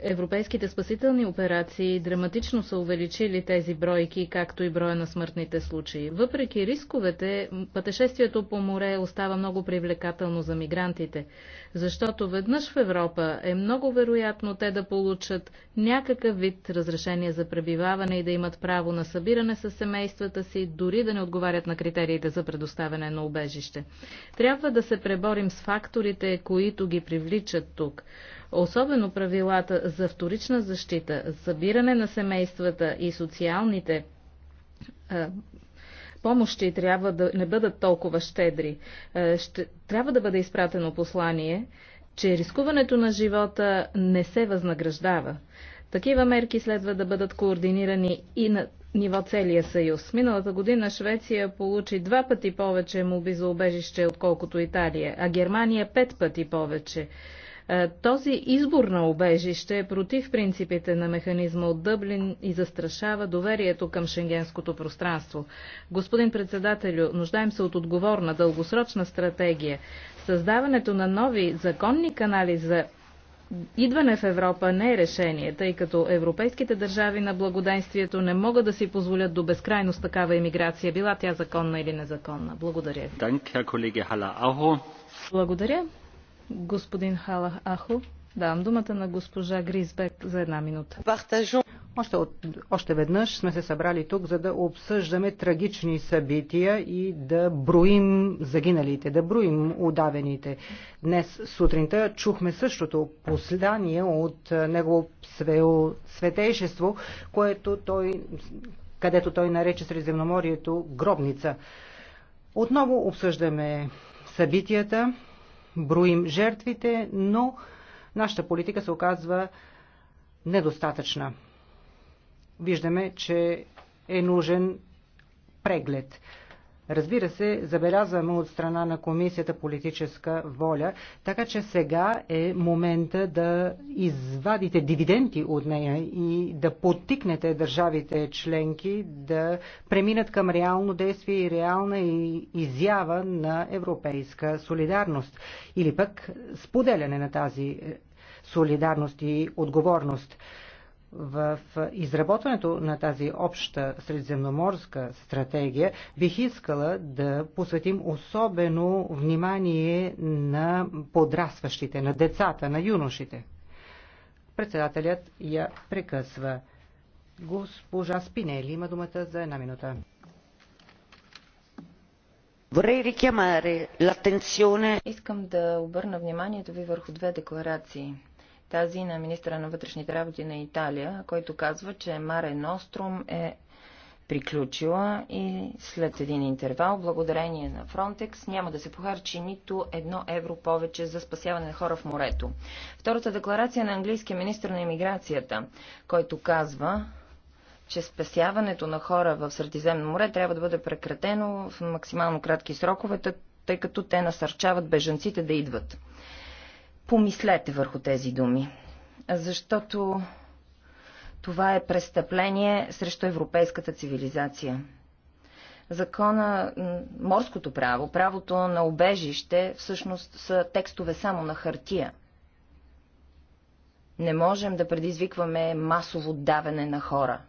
Европейските спасителни операции драматично са увеличили тези бройки, както и броя на смъртните случаи. Въпреки рисковете, пътешествието по море остава много привлекателно за мигрантите, защото веднъж в Европа е много вероятно те да получат някакъв вид разрешение за пребиваване и да имат право на събиране с семействата си, дори да не отговарят на критериите за предоставяне на убежище. Трябва да се преборим с факторите, които ги привличат тук особено правилата за вторична защита, събиране на семействата и социалните помощи трябва да не бъдат толкова щедри. Ще, трябва да бъде изпратено послание, че рискуването на живота не се възнаграждава. Такива мерки следва да бъдат координирани и на ниво целия съюз. Миналата година Швеция получи два пъти повече моби за убежище, отколкото Италия, а Германия пет пъти повече. Е, този избор на обежище е против принципите на механизма от Дъблин и застрашава доверието към шенгенското пространство. Господин председателю, нуждаем се от отговорна дългосрочна стратегия. Създаването на нови законни канали за идване в Европа не е решение, тъй като европейските държави на благоденствието не могат да си позволят до безкрайност такава емиграция, била тя законна или незаконна. Благодаря ви. Благодаря. Господин Халах Ахо, давам думата на госпожа Гризбек за една минута. Още, от, още веднъж сме се събрали тук, за да обсъждаме трагични събития и да броим загиналите, да броим удавените. Днес сутринта чухме същото послание от негово светейшество, което той, където той нарече Средиземноморието гробница. Отново обсъждаме събитията, броим жертвите, но нашата политика се оказва недостатъчна. Виждаме, че е нужен преглед. Разбира се, забелязваме от страна на комисията политическа воля, така че сега е момента да извадите дивиденти от нея и да подтикнете държавите членки да преминат към реално действие и реална изява на европейска солидарност или пък споделяне на тази е, солидарност и отговорност в изработването на тази обща средиземноморска стратегия бих искала да посветим особено внимание на подрастващите, на децата, на юношите. Председателят я прекъсва. Госпожа Спинели има думата за една минута. Искам да обърна вниманието ви върху две декларации – тази на министра на вътрешните работи на Италия, който казва, че Маре Ностром е приключила и след един интервал, благодарение на Фронтекс, няма да се похарчи нито едно евро повече за спасяване на хора в морето. Втората декларация на английския министр на иммиграцията, който казва, че спасяването на хора в Средиземно море трябва да бъде прекратено в максимално кратки срокове, тъй като те насърчават бежанците да идват. Помислете върху тези думи, защото това е престъпление срещу европейската цивилизация. Закона, морското право, правото на обежище всъщност са текстове само на хартия. Не можем да предизвикваме масово даване на хора.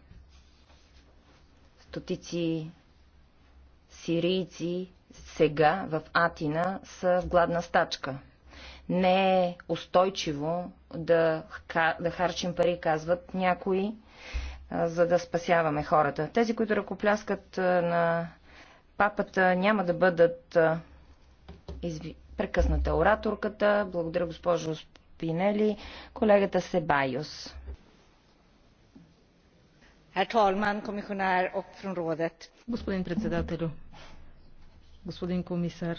Стотици сирийци сега в Атина са в гладна стачка не е устойчиво да, да харчим пари, казват някои, за да спасяваме хората. Тези, които ръкопляскат на папата, няма да бъдат изви... прекъсната ораторката. Благодаря, госпожо Спинели. Колегата Себайос. Господин председател, господин комисар,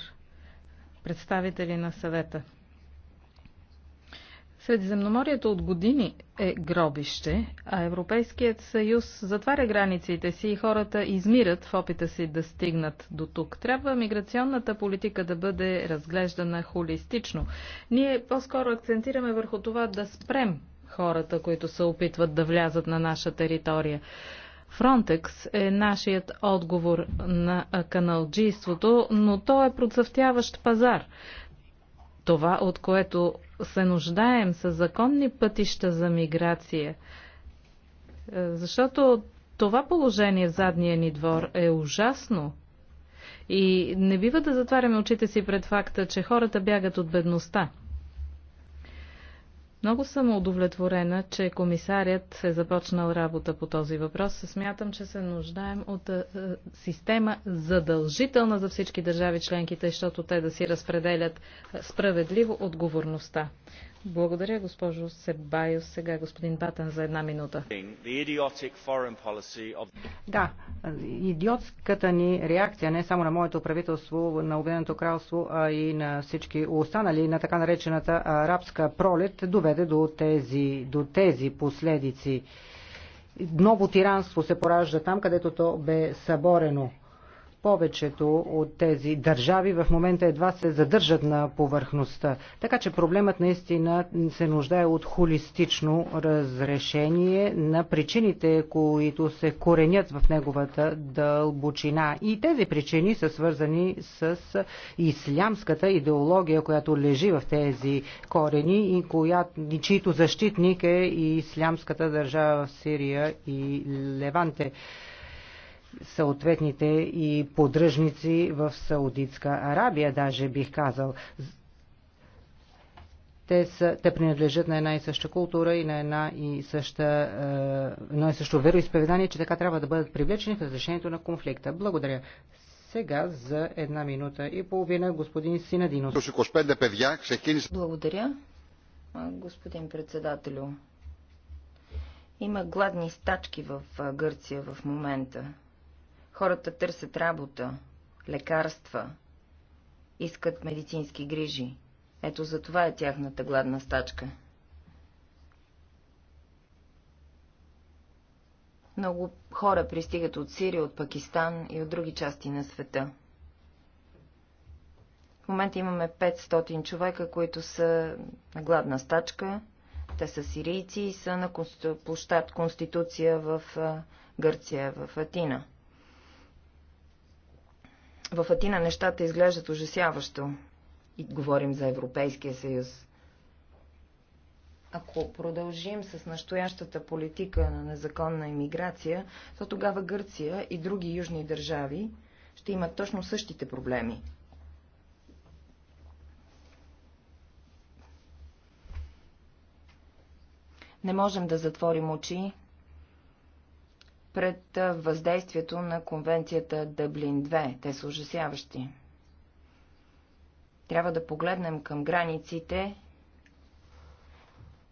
представители на съвета. Средиземноморието от години е гробище, а Европейският съюз затваря границите си и хората измират в опита си да стигнат до тук. Трябва миграционната политика да бъде разглеждана холистично. Ние по-скоро акцентираме върху това да спрем хората, които се опитват да влязат на наша територия. Фронтекс е нашият отговор на каналджийството, но то е процъфтяващ пазар. Това, от което се нуждаем с законни пътища за миграция, е, защото това положение в задния ни двор е ужасно. И не бива да затваряме очите си пред факта, че хората бягат от бедността. Много съм удовлетворена, че комисарят е започнал работа по този въпрос. Смятам, че се нуждаем от е, е, система задължителна за всички държави членките, защото те да си разпределят е, справедливо отговорността. Благодаря, госпожо Себайо. Сега е господин Батен за една минута. Да, идиотската ни реакция не само на моето правителство, на Обединеното кралство, а и на всички останали, на така наречената арабска пролет, доведе до тези, до тези последици. Ново тиранство се поражда там, където то бе съборено повечето от тези държави в момента едва се задържат на повърхността. Така че проблемът наистина се нуждае от холистично разрешение на причините, които се коренят в неговата дълбочина. И тези причини са свързани с ислямската идеология, която лежи в тези корени и която, чието защитник е и ислямската държава в Сирия и Леванте съответните и подръжници в Саудитска Арабия, даже бих казал. Те, са, те принадлежат на една и съща култура и на една и съща, е, едно и също вероисповедание, че така трябва да бъдат привлечени в разрешението на конфликта. Благодаря. Сега за една минута и половина господин Синадинов. Благодаря, господин председателю. Има гладни стачки в Гърция в момента. Хората търсят работа, лекарства, искат медицински грижи. Ето за това е тяхната гладна стачка. Много хора пристигат от Сирия, от Пакистан и от други части на света. В момента имаме 500 човека, които са на гладна стачка. Те са сирийци и са на площад Конституция в Гърция, в Атина. В Атина нещата изглеждат ужасяващо. И говорим за Европейския съюз. Ако продължим с настоящата политика на незаконна иммиграция, то тогава Гърция и други южни държави ще имат точно същите проблеми. Не можем да затворим очи пред въздействието на конвенцията Дъблин 2. Те са ужасяващи. Трябва да погледнем към границите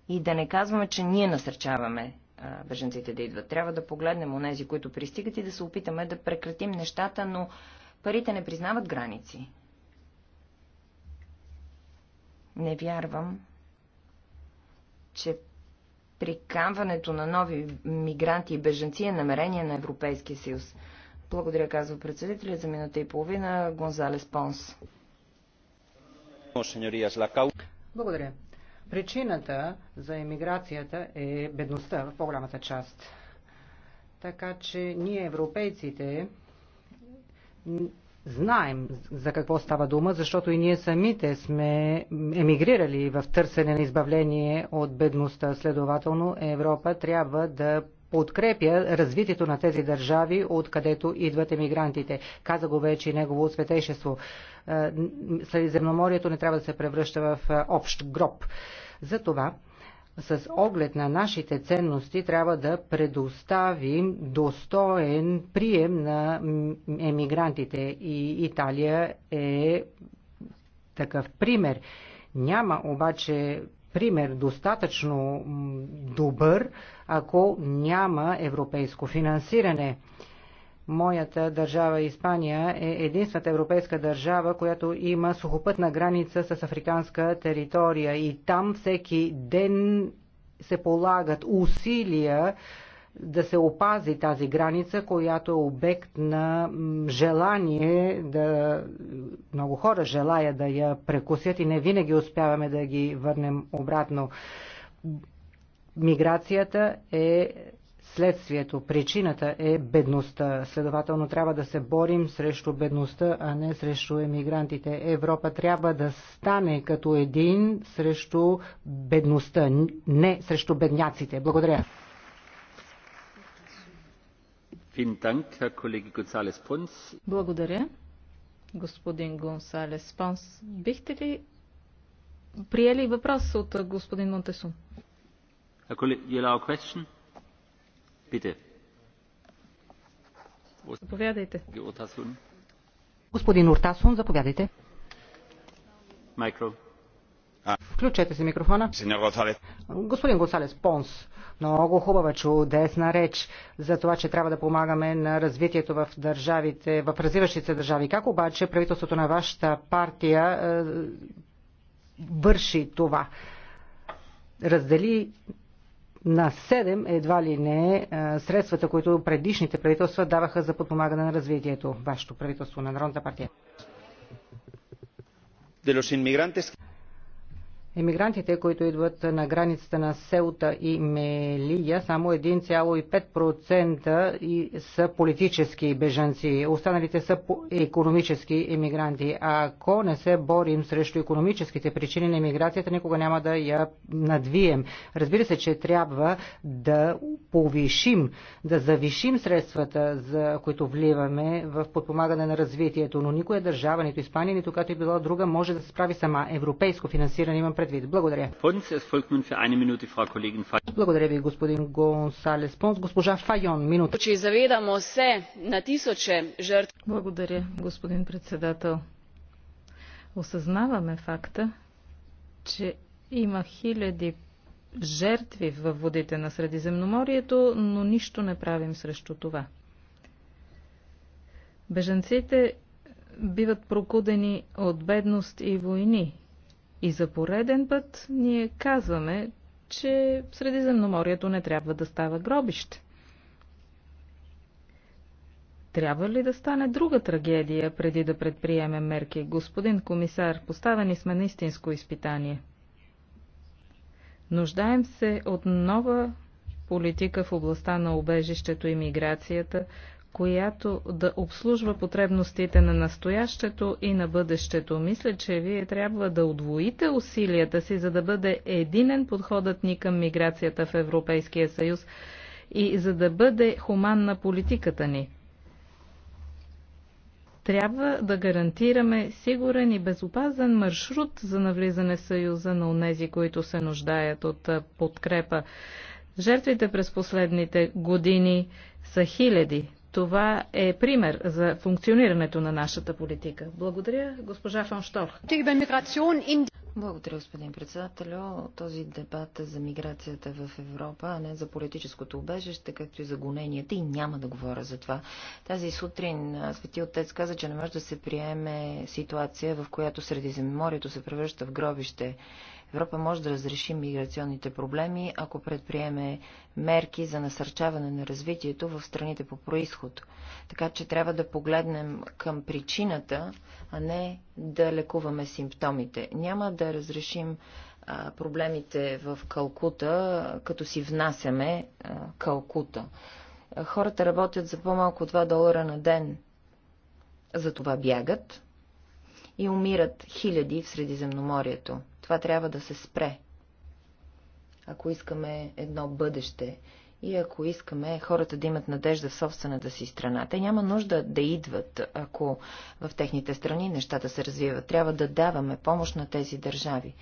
и да не казваме, че ние насърчаваме беженците да идват. Трябва да погледнем онези, които пристигат и да се опитаме да прекратим нещата, но парите не признават граници. Не вярвам, че приканването на нови мигранти и беженци е намерение на Европейския съюз. Благодаря, казва председателя, за минута и половина Гонзалес Понс. Благодаря. Причината за емиграцията е бедността в по-голямата част. Така че ние, европейците, знаем за какво става дума, защото и ние самите сме емигрирали в търсене на избавление от бедността. Следователно, Европа трябва да подкрепя развитието на тези държави, откъдето идват емигрантите. Каза го вече и негово светейшество. Е, Средиземноморието не трябва да се превръща в е, общ гроб. Затова с оглед на нашите ценности трябва да предоставим достоен прием на емигрантите и Италия е такъв пример. Няма обаче пример достатъчно добър, ако няма европейско финансиране. Моята държава Испания е единствената европейска държава, която има сухопътна граница с африканска територия и там всеки ден се полагат усилия да се опази тази граница, която е обект на желание да... Много хора желая да я прекусят и не винаги успяваме да ги върнем обратно. Миграцията е Следствието, причината е бедността. Следователно трябва да се борим срещу бедността, а не срещу емигрантите. Европа трябва да стане като един срещу бедността, не срещу бедняците. Благодаря. Благодаря. Господин Гонсалес Понс, бихте ли приели въпрос от господин Монтесун? Господин Уртасун, заповядайте. Включете си микрофона. Господин Гонсалес Понс, много хубава, чудесна реч за това, че трябва да помагаме на развитието в държавите, в развиващите държави. Как обаче правителството на вашата партия е, върши това? Раздели на 7 едва ли не е, средствата, които предишните правителства даваха за подпомагане на развитието. Вашето правителство на Народната партия. De los inmigrantes... Емигрантите, които идват на границата на Селта и Мелия, само 1,5% са политически бежанци. Останалите са економически емигранти. А ако не се борим срещу економическите причини на емиграцията, никога няма да я надвием. Разбира се, че трябва да повишим, да завишим средствата, за които вливаме в подпомагане на развитието. Но никоя държава, нито Испания, нито като и била друга, може да се справи сама. Европейско финансиране имам предвид. Благодаря. Благодаря ви, господин Гонсалес Понс. Госпожа Файон, минута. Благодаря, господин председател. Осъзнаваме факта, че има хиляди жертви във водите на Средиземноморието, но нищо не правим срещу това. Беженците биват прокудени от бедност и войни. И за пореден път ние казваме, че Средиземноморието не трябва да става гробище. Трябва ли да стане друга трагедия, преди да предприеме мерки? Господин комисар, поставени сме на истинско изпитание. Нуждаем се от нова политика в областта на убежището и миграцията, която да обслужва потребностите на настоящето и на бъдещето. Мисля, че вие трябва да удвоите усилията си, за да бъде единен подходът ни към миграцията в Европейския съюз и за да бъде хуманна политиката ни. Трябва да гарантираме сигурен и безопазен маршрут за навлизане в Съюза на онези, които се нуждаят от подкрепа. Жертвите през последните години са хиляди. Това е пример за функционирането на нашата политика. Благодаря, госпожа Фон Штор. Благодаря, господин председател. Този дебат е за миграцията в Европа, а не за политическото убежище, както и за гоненията и няма да говоря за това. Тази сутрин Свети Отец каза, че не може да се приеме ситуация, в която Средиземноморието се превръща в гробище. Европа може да разреши миграционните проблеми, ако предприеме мерки за насърчаване на развитието в страните по происход. Така че трябва да погледнем към причината, а не да лекуваме симптомите. Няма да разрешим проблемите в Калкута, като си внасяме Калкута. Хората работят за по-малко 2 долара на ден. За това бягат, и умират хиляди в Средиземноморието. Това трябва да се спре. Ако искаме едно бъдеще и ако искаме хората да имат надежда в собствената си страна, те няма нужда да идват, ако в техните страни нещата се развиват. Трябва да даваме помощ на тези държави.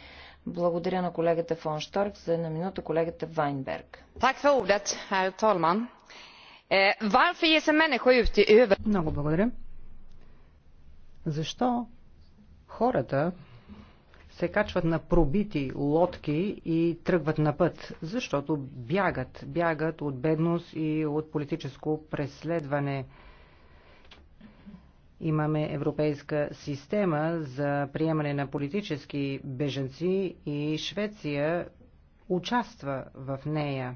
Благодаря на колегата фон Шторк за една минута колегата Вайнберг. Eh, Много благодаря. Защо хората се качват на пробити лодки и тръгват на път, защото бягат, бягат от бедност и от политическо преследване. Имаме европейска система за приемане на политически беженци и Швеция участва в нея.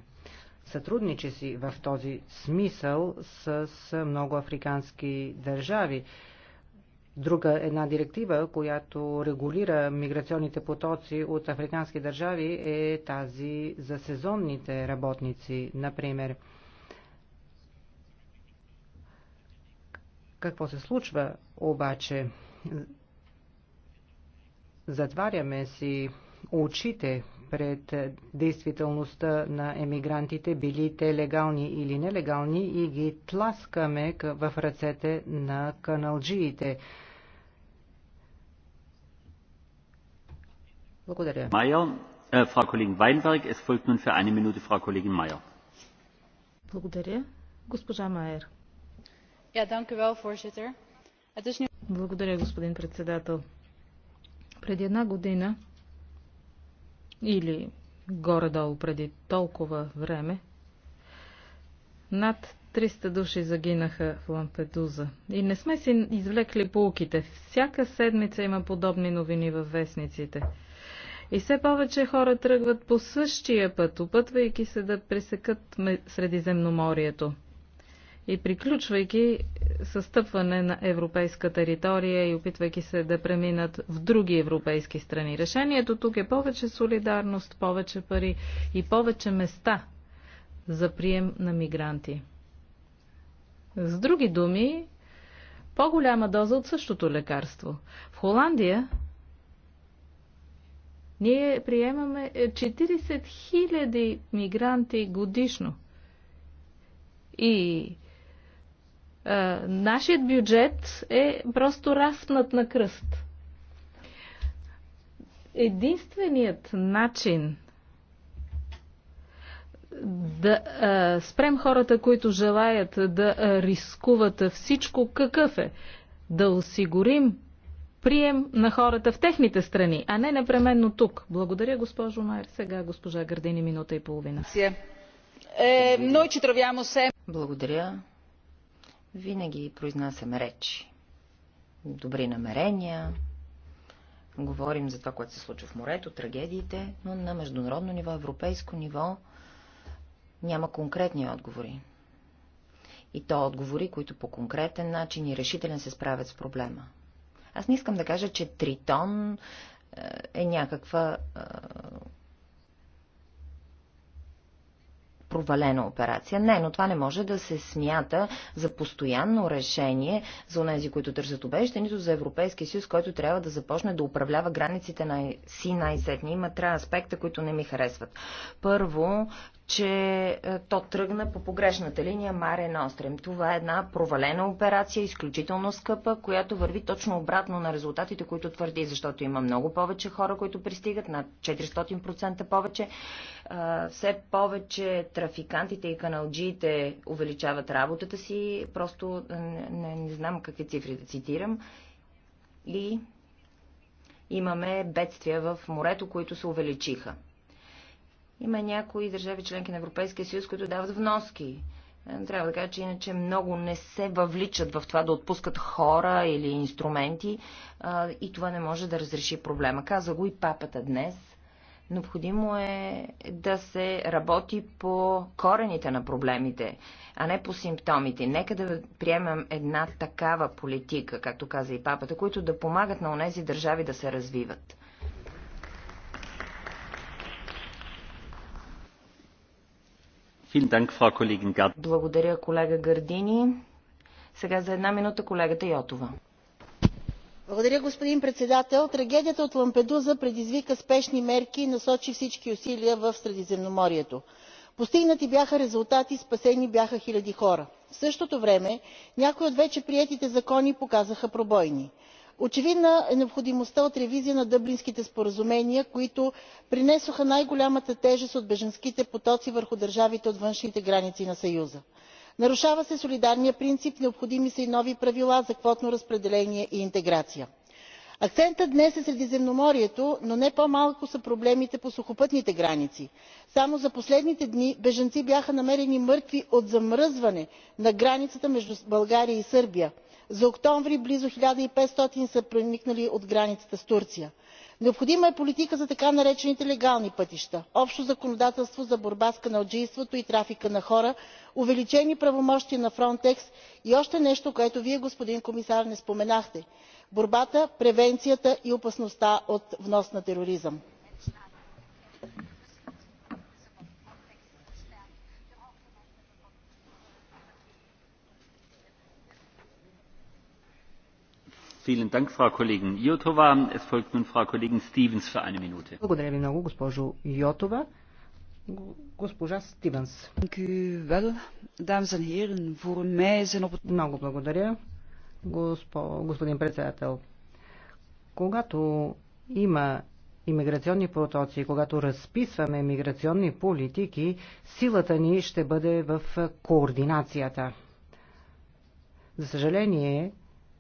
Сътрудничи си в този смисъл с много африкански държави. Друга една директива, която регулира миграционните потоци от африкански държави е тази за сезонните работници, например. Какво се случва обаче? Затваряме си очите пред действителността на емигрантите, били те легални или нелегални, и ги тласкаме в ръцете на каналджиите. Благодаря. Майер, äh, э, Frau Kollegin Weinberg, es folgt nun für eine Minute Frau Kollegin Майер. Благодаря. Госпожа Майер. Ja, danke wel, voorzitter. Het is nu... Благодаря, господин председател. Преди една година или горе-долу преди толкова време, над 300 души загинаха в Лампедуза. И не сме си извлекли полуките. Всяка седмица има подобни новини във вестниците. И все повече хора тръгват по същия път, опътвайки се да пресекат Средиземноморието и приключвайки състъпване на европейска територия и опитвайки се да преминат в други европейски страни. Решението тук е повече солидарност, повече пари и повече места за прием на мигранти. С други думи, по-голяма доза от същото лекарство. В Холандия ние приемаме 40 е, 000 мигранти годишно. И е, нашият бюджет е просто раснат на кръст. Единственият начин да а, е, спрем хората, които желаят да а, рискуват всичко, какъв е? Да осигурим прием на хората в техните страни, а не непременно тук. Благодаря, госпожо Майер. Сега госпожа Гърдини, минута и половина. Е, Благодаря винаги произнасям речи. Добри намерения, говорим за това, което се случва в морето, трагедиите, но на международно ниво, европейско ниво няма конкретни отговори. И то отговори, които по конкретен начин и решителен се справят с проблема. Аз не искам да кажа, че Тритон е, е някаква е, провалена операция. Не, но това не може да се смята за постоянно решение за онези, които търсят убежище, нито за Европейския съюз, който трябва да започне да управлява границите на си най-сетни. Има три аспекта, които не ми харесват. Първо, че е, то тръгна по погрешната линия Маре Нострем. Това е една провалена операция, изключително скъпа, която върви точно обратно на резултатите, които твърди, защото има много повече хора, които пристигат, над 400% повече. Е, все повече трафикантите и каналджиите увеличават работата си, просто е, не, не знам какви цифри да цитирам. И имаме бедствия в морето, които се увеличиха. Има някои държави членки на Европейския съюз, които дават вноски. Е, трябва да кажа, че иначе много не се въвличат в това да отпускат хора или инструменти е, и това не може да разреши проблема. Каза го и папата днес. Необходимо е да се работи по корените на проблемите, а не по симптомите. Нека да приемем една такава политика, както каза и папата, които да помагат на онези държави да се развиват. Благодаря, колега Гардини. Сега за една минута колегата Йотова. Благодаря, господин председател. Трагедията от Лампедуза предизвика спешни мерки и насочи всички усилия в Средиземноморието. Постигнати бяха резултати, спасени бяха хиляди хора. В същото време някои от вече приетите закони показаха пробойни очевидна е необходимостта от ревизия на дъблинските споразумения които принесоха най голямата тежест от бежанските потоци върху държавите от външните граници на съюза. нарушава се солидарният принцип необходими са и нови правила за квотно разпределение и интеграция. акцентът днес е средиземноморието но не по малко са проблемите по сухопътните граници. само за последните дни бежанци бяха намерени мъртви от замръзване на границата между българя и сърбия за октомври близо 1500 са проникнали от границата с турция. необходима е политика за така наречените легални пътища общо законодателство за борба с каналджийството и трафика на хора увеличени правомощия на frontex и още нещо което вие господин комисар не споменахте борбата превенцията и опасността от внос на тероризъм. Благодаря ви много, госпожо Йотова. Госпожа Стивенс. Много благодаря, господин председател. Когато има имиграционни протоци, когато разписваме миграционни политики, силата ни ще бъде в координацията. За съжаление,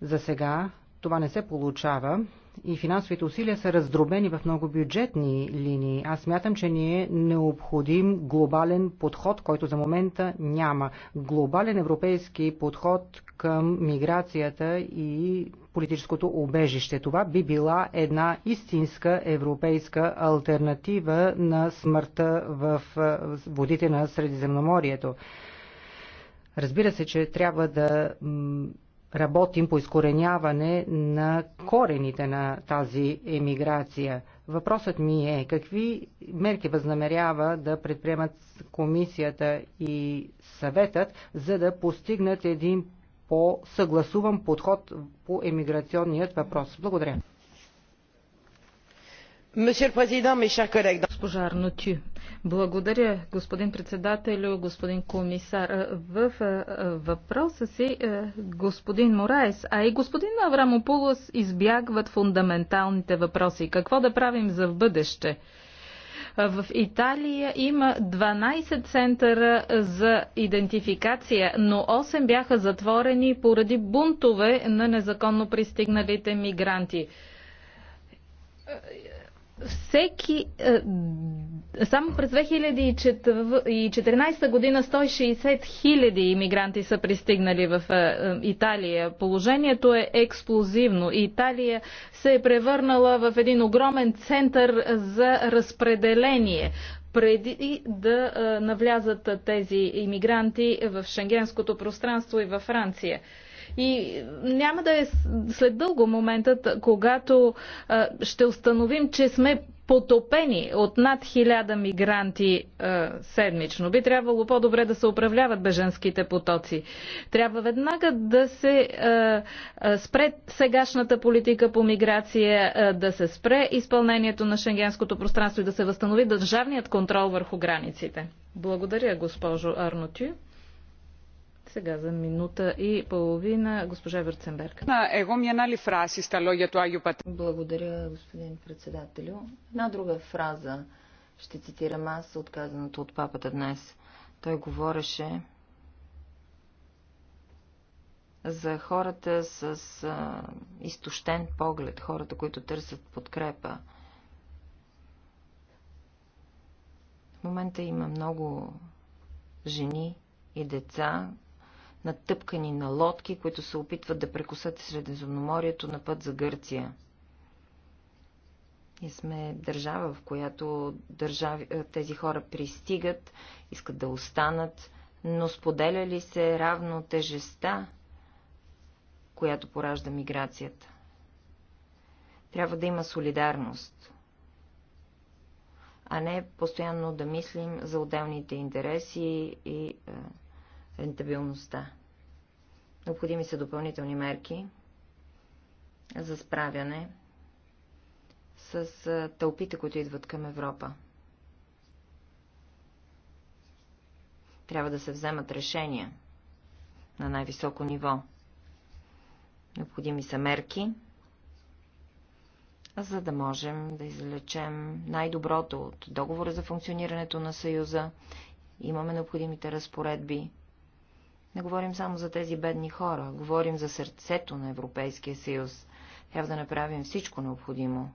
за сега това не се получава и финансовите усилия са раздробени в много бюджетни линии. Аз смятам, че ни е необходим глобален подход, който за момента няма. Глобален европейски подход към миграцията и политическото убежище. Това би била една истинска европейска альтернатива на смъртта в водите на Средиземноморието. Разбира се, че трябва да работим по изкореняване на корените на тази емиграция. Въпросът ми е какви мерки възнамерява да предприемат комисията и съветът, за да постигнат един по-съгласуван подход по емиграционният въпрос. Благодаря. Госпожа Арнотю. Благодаря, господин председателю, господин комисар. Е, в е, е, въпроса си господин Мораес, а и господин Аврамополос избягват фундаменталните въпроси. Какво да правим за в бъдеще? В Италия има 12 центъра за идентификация, но 8 бяха затворени поради бунтове на незаконно пристигналите мигранти всеки, е, само през 2014 година 160 хиляди иммигранти са пристигнали в е, е, Италия. Положението е експлозивно. Италия се е превърнала в един огромен център за разпределение преди да навлязат тези иммигранти в шенгенското пространство и във Франция. И няма да е след дълго моментът, когато ще установим, че сме потопени от над хиляда мигранти е, седмично. Би трябвало по-добре да се управляват беженските потоци. Трябва веднага да се е, е, спре сегашната политика по миграция, е, да се спре изпълнението на шенгенското пространство и да се възстанови държавният контрол върху границите. Благодаря, госпожо Арнотю. Сега за минута и половина госпожа Върценберг. Его ми една ли това Благодаря, господин председателю. Една друга фраза ще цитирам аз, отказаното от папата днес. Той говореше за хората с а, изтощен поглед, хората, които търсят подкрепа. В момента има много жени и деца, натъпкани на лодки, които се опитват да прекусат Средиземноморието на път за Гърция. Ние сме държава, в която държави, е, тези хора пристигат, искат да останат, но споделя ли се равно тежеста, която поражда миграцията? Трябва да има солидарност, а не постоянно да мислим за отделните интереси и е, рентабилността. Необходими са допълнителни мерки за справяне с тълпите, които идват към Европа. Трябва да се вземат решения на най-високо ниво. Необходими са мерки, за да можем да излечем най-доброто от договора за функционирането на Съюза. Имаме необходимите разпоредби не говорим само за тези бедни хора, говорим за сърцето на Европейския съюз. Трябва да направим всичко необходимо.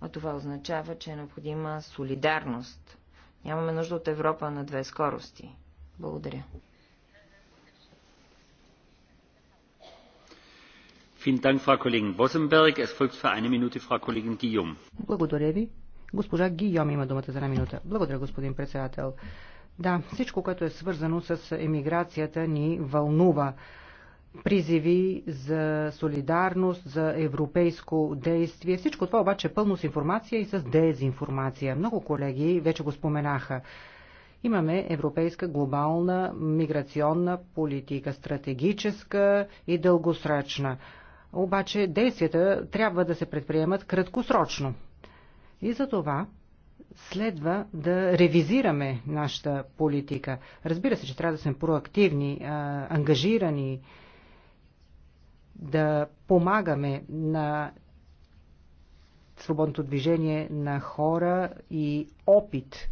А това означава, че е необходима солидарност. Нямаме нужда от Европа на две скорости. Благодаря. Благодаря ви. Госпожа Гийом има думата за една минута. Благодаря, господин председател. Да, всичко, което е свързано с емиграцията, ни вълнува. Призиви за солидарност, за европейско действие. Всичко това обаче е пълно с информация и с дезинформация. Много колеги вече го споменаха. Имаме европейска глобална миграционна политика, стратегическа и дългосрочна. Обаче действията трябва да се предприемат краткосрочно. И за това следва да ревизираме нашата политика. Разбира се, че трябва да сме проактивни, ангажирани, да помагаме на свободното движение на хора и опит,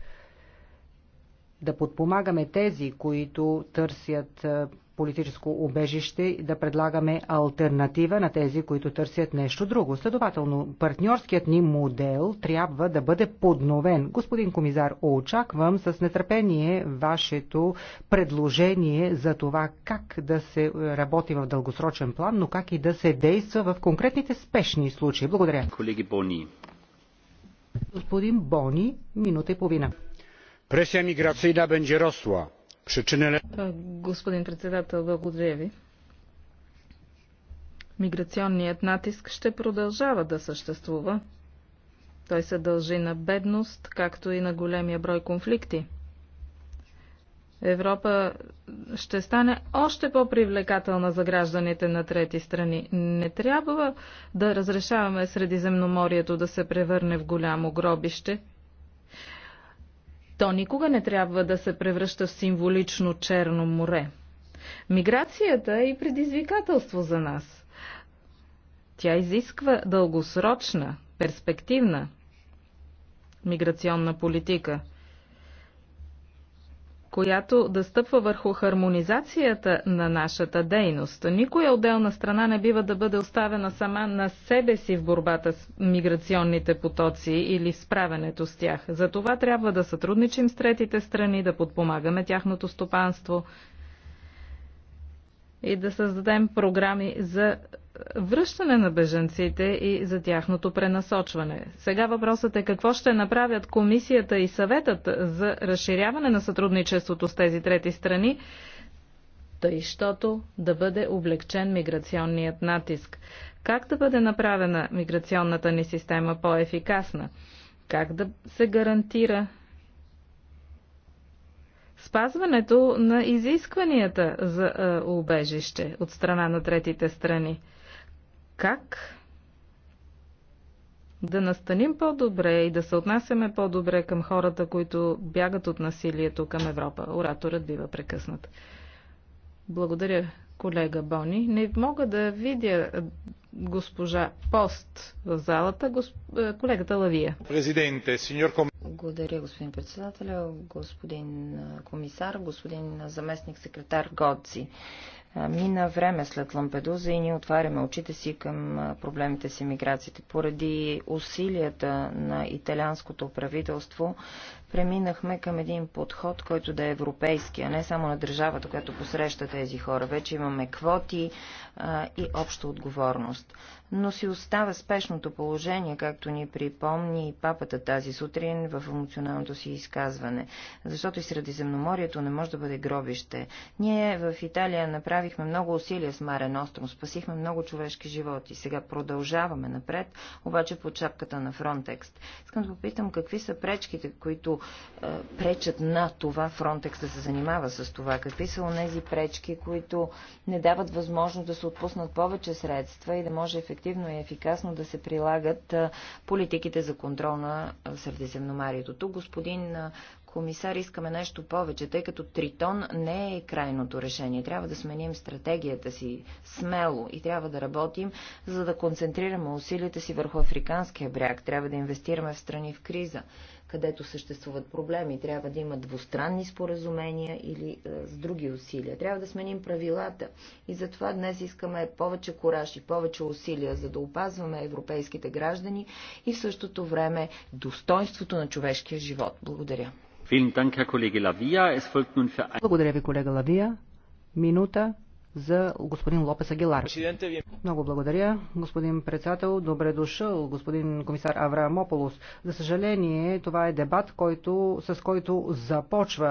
да подпомагаме тези, които търсят политическо убежище да предлагаме альтернатива на тези, които търсят нещо друго. Следователно, партньорският ни модел трябва да бъде подновен. Господин комисар, очаквам с нетърпение вашето предложение за това как да се работи в дългосрочен план, но как и да се действа в конкретните спешни случаи. Благодаря. Колеги Бони. Господин Бони, минута и половина. Пресия миграцийна бенджеросла. Причинили... Господин председател, благодаря ви. Миграционният натиск ще продължава да съществува. Той се дължи на бедност, както и на големия брой конфликти. Европа ще стане още по-привлекателна за гражданите на трети страни. Не трябва да разрешаваме Средиземноморието да се превърне в голямо гробище то никога не трябва да се превръща в символично Черно море. Миграцията е и предизвикателство за нас. Тя изисква дългосрочна, перспективна миграционна политика – която да стъпва върху хармонизацията на нашата дейност. Никоя отделна страна не бива да бъде оставена сама на себе си в борбата с миграционните потоци или в справянето с тях. За това трябва да сътрудничим с третите страни, да подпомагаме тяхното стопанство и да създадем програми за връщане на бежанците и за тяхното пренасочване. Сега въпросът е какво ще направят комисията и съветът за разширяване на сътрудничеството с тези трети страни, тъй щото да бъде облегчен миграционният натиск. Как да бъде направена миграционната ни система по-ефикасна? Как да се гарантира спазването на изискванията за е, убежище от страна на третите страни. Как да настаним по-добре и да се отнасяме по-добре към хората, които бягат от насилието към Европа? Ораторът бива прекъснат. Благодаря, колега Бони. Не мога да видя е, госпожа Пост в залата, госп... Е, колегата Лавия. Президенте, сеньор ком... Благодаря, господин председател, господин комисар, господин заместник секретар Годци. Мина време след Лампедуза и ние отваряме очите си към проблемите с емиграцията. Поради усилията на италианското правителство преминахме към един подход, който да е европейски, а не само на държавата, която посреща тези хора. Вече имаме квоти а, и обща отговорност. Но си остава спешното положение, както ни припомни и папата тази сутрин в емоционалното си изказване. Защото и Средиземноморието не може да бъде гробище. Ние в Италия направихме Направихме много усилия с Марен Остром, спасихме много човешки животи. Сега продължаваме напред, обаче под шапката на Фронтекст. Искам да попитам какви са пречките, които е, пречат на това Фронтекст да се занимава с това. Какви са онези пречки, които не дават възможност да се отпуснат повече средства и да може ефективно и ефикасно да се прилагат е, политиките за контрол на е, Средиземномарието. Тук господин е, комисар, искаме нещо повече, тъй като Тритон не е крайното решение. Трябва да сменим стратегията си смело и трябва да работим, за да концентрираме усилията си върху африканския бряг. Трябва да инвестираме в страни в криза, където съществуват проблеми. Трябва да има двустранни споразумения или е, с други усилия. Трябва да сменим правилата. И затова днес искаме повече кораж и повече усилия, за да опазваме европейските граждани и в същото време достоинството на човешкия живот. Благодаря. Благодаря ви, колега Лавия. Минута за господин Лопес Агилар. Много благодаря, господин председател. Добре дошъл, господин комисар Авраамополос. За съжаление, това е дебат, който, с който започва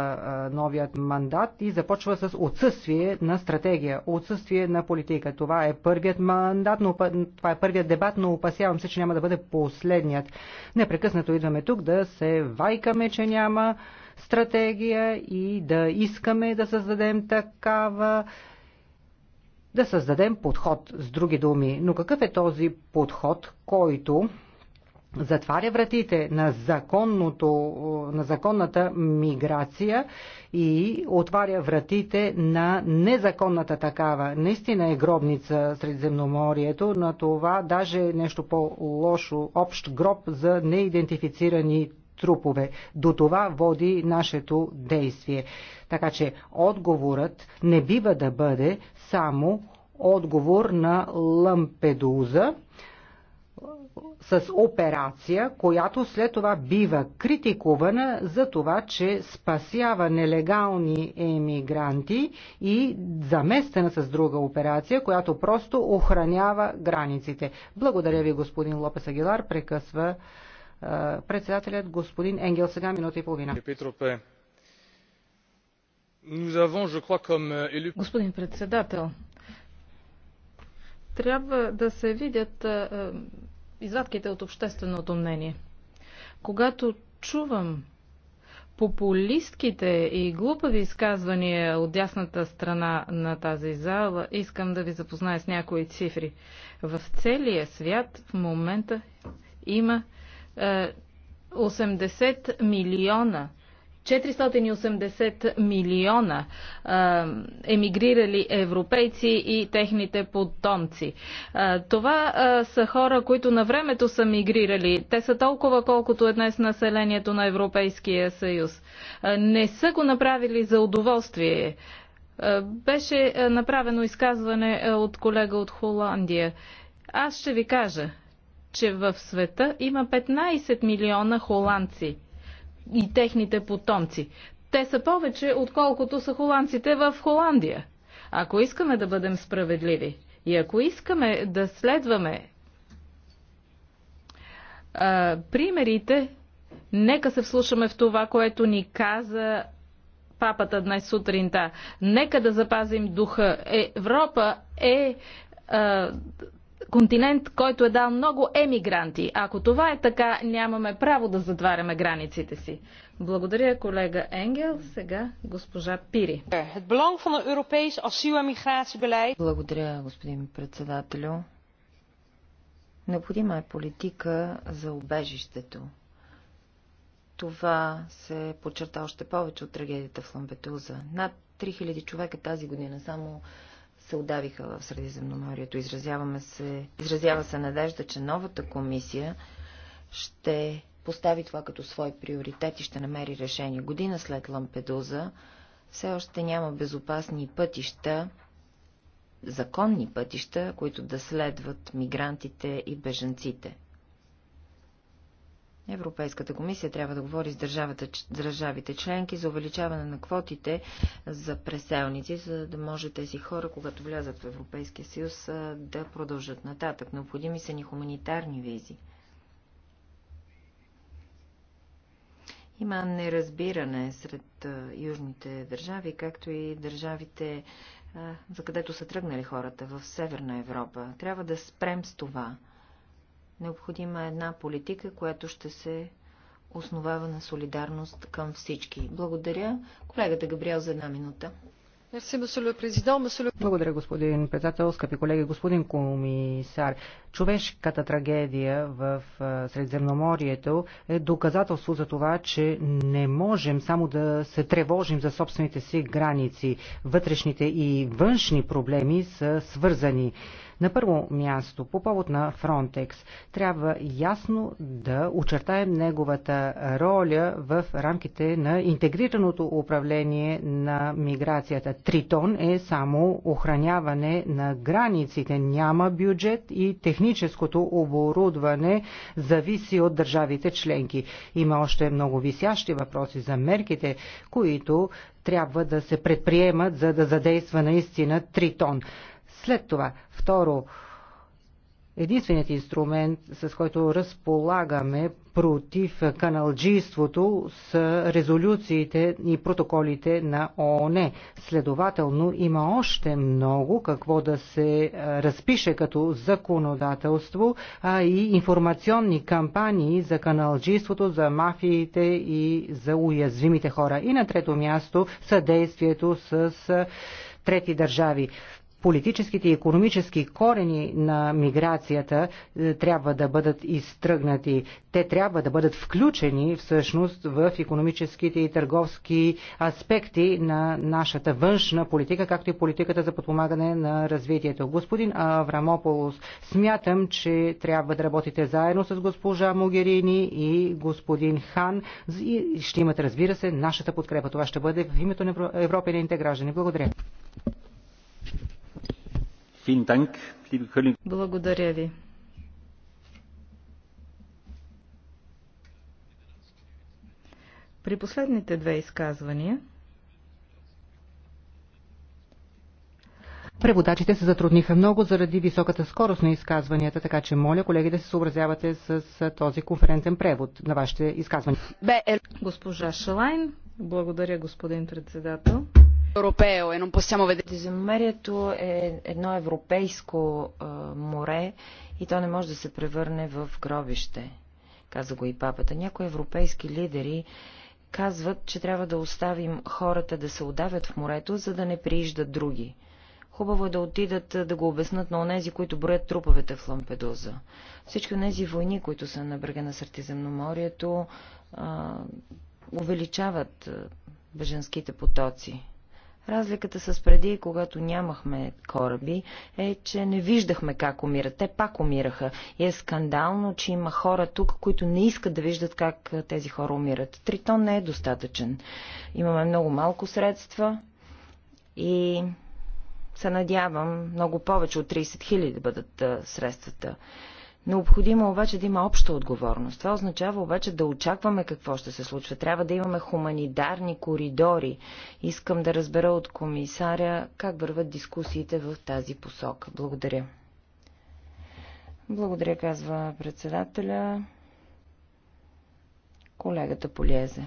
новият мандат и започва с отсъствие на стратегия, отсъствие на политика. Това е първият мандат, но това е първият дебат, но опасявам се, че няма да бъде последният. Непрекъснато идваме тук да се вайкаме, че няма стратегия и да искаме да създадем такава да създадем подход, с други думи. Но какъв е този подход, който затваря вратите на, законното, на законната миграция и отваря вратите на незаконната такава. Наистина е гробница Средиземноморието, на това даже е нещо по-лошо, общ гроб за неидентифицирани трупове. До това води нашето действие. Така че отговорът не бива да бъде само отговор на Лампедуза с операция, която след това бива критикувана за това, че спасява нелегални емигранти и заместена с друга операция, която просто охранява границите. Благодаря ви, господин Лопес Агилар. Прекъсва председателят господин Енгел. Сега минута и половина. Euh, Господин председател, трябва да се видят извадките от общественото мнение. Когато чувам популистките и глупави изказвания от дясната страна на тази зала, искам да ви запозная с някои цифри. В целия свят в момента има 80 милиона 480 милиона емигрирали европейци и техните потомци. Това са хора, които на времето са мигрирали. Те са толкова колкото е днес населението на Европейския съюз. Не са го направили за удоволствие. Беше направено изказване от колега от Холандия. Аз ще ви кажа, че в света има 15 милиона холандци и техните потомци. Те са повече, отколкото са холандците в Холандия. Ако искаме да бъдем справедливи и ако искаме да следваме а, примерите, нека се вслушаме в това, което ни каза папата днес сутринта. Нека да запазим духа. Е, Европа е а, континент, който е дал много емигранти. Ако това е така, нямаме право да затваряме границите си. Благодаря, колега Енгел. Сега госпожа Пири. Благодаря, господин председателю. Необходима е политика за убежището. Това се подчерта още повече от трагедията в Ламбетуза. Над 3000 човека тази година само се удавиха в Средиземноморието. Изразяваме се, изразява се надежда, че новата комисия ще постави това като свой приоритет и ще намери решение. Година след Лампедуза все още няма безопасни пътища, законни пътища, които да следват мигрантите и беженците. Европейската комисия трябва да говори с държавата, държавите членки за увеличаване на квотите за преселници, за да може тези хора, когато влязат в Европейския съюз, да продължат нататък. Необходими са ни хуманитарни визи. Има неразбиране сред южните държави, както и държавите, за където са тръгнали хората в Северна Европа. Трябва да спрем с това. Необходима е една политика, която ще се основава на солидарност към всички. Благодаря. Колегата Габриел за една минута. Благодаря, господин председател, скъпи колеги, господин комисар. Човешката трагедия в Средиземноморието е доказателство за това, че не можем само да се тревожим за собствените си граници. Вътрешните и външни проблеми са свързани. На първо място, по повод на Frontex, трябва ясно да очертаем неговата роля в рамките на интегрираното управление на миграцията. Тритон е само охраняване на границите. Няма бюджет и техническото оборудване зависи от държавите членки. Има още много висящи въпроси за мерките, които трябва да се предприемат, за да задейства наистина Тритон. След това, второ, единственият инструмент, с който разполагаме против каналджийството са резолюциите и протоколите на ООН. Следователно има още много какво да се е, разпише като законодателство, а и информационни кампании за каналджийството, за мафиите и за уязвимите хора. И на трето място съдействието с е, трети държави политическите и економически корени на миграцията е, трябва да бъдат изтръгнати. Те трябва да бъдат включени всъщност в економическите и търговски аспекти на нашата външна политика, както и политиката за подпомагане на развитието. Господин Аврамополос, смятам, че трябва да работите заедно с госпожа Могерини и господин Хан и ще имате, разбира се, нашата подкрепа. Това ще бъде в името на европейните граждани. Благодаря. Благодаря ви. При последните две изказвания Преводачите се затрудниха много заради високата скорост на изказванията, така че моля колеги да се съобразявате с този конферентен превод на вашите изказвания. Госпожа Шалайн, благодаря господин председател. Е, Средиземноморието е едно европейско море и то не може да се превърне в гробище. Каза го и папата. Някои европейски лидери казват, че трябва да оставим хората да се удавят в морето, за да не прииждат други. Хубаво е да отидат да го обяснат на онези, които броят труповете в Лампедуза. Всички онези войни, които са на брега на Средиземноморието, увеличават беженските потоци. Разликата с преди, когато нямахме кораби, е, че не виждахме как умират. Те пак умираха. И е скандално, че има хора тук, които не искат да виждат как тези хора умират. Тритон не е достатъчен. Имаме много малко средства и се надявам много повече от 30 000 да бъдат средствата. Необходимо е обаче да има обща отговорност. Това означава обаче да очакваме какво ще се случва. Трябва да имаме хуманитарни коридори. Искам да разбера от комисаря как върват дискусиите в тази посока. Благодаря. Благодаря, казва председателя. Колегата Полезе.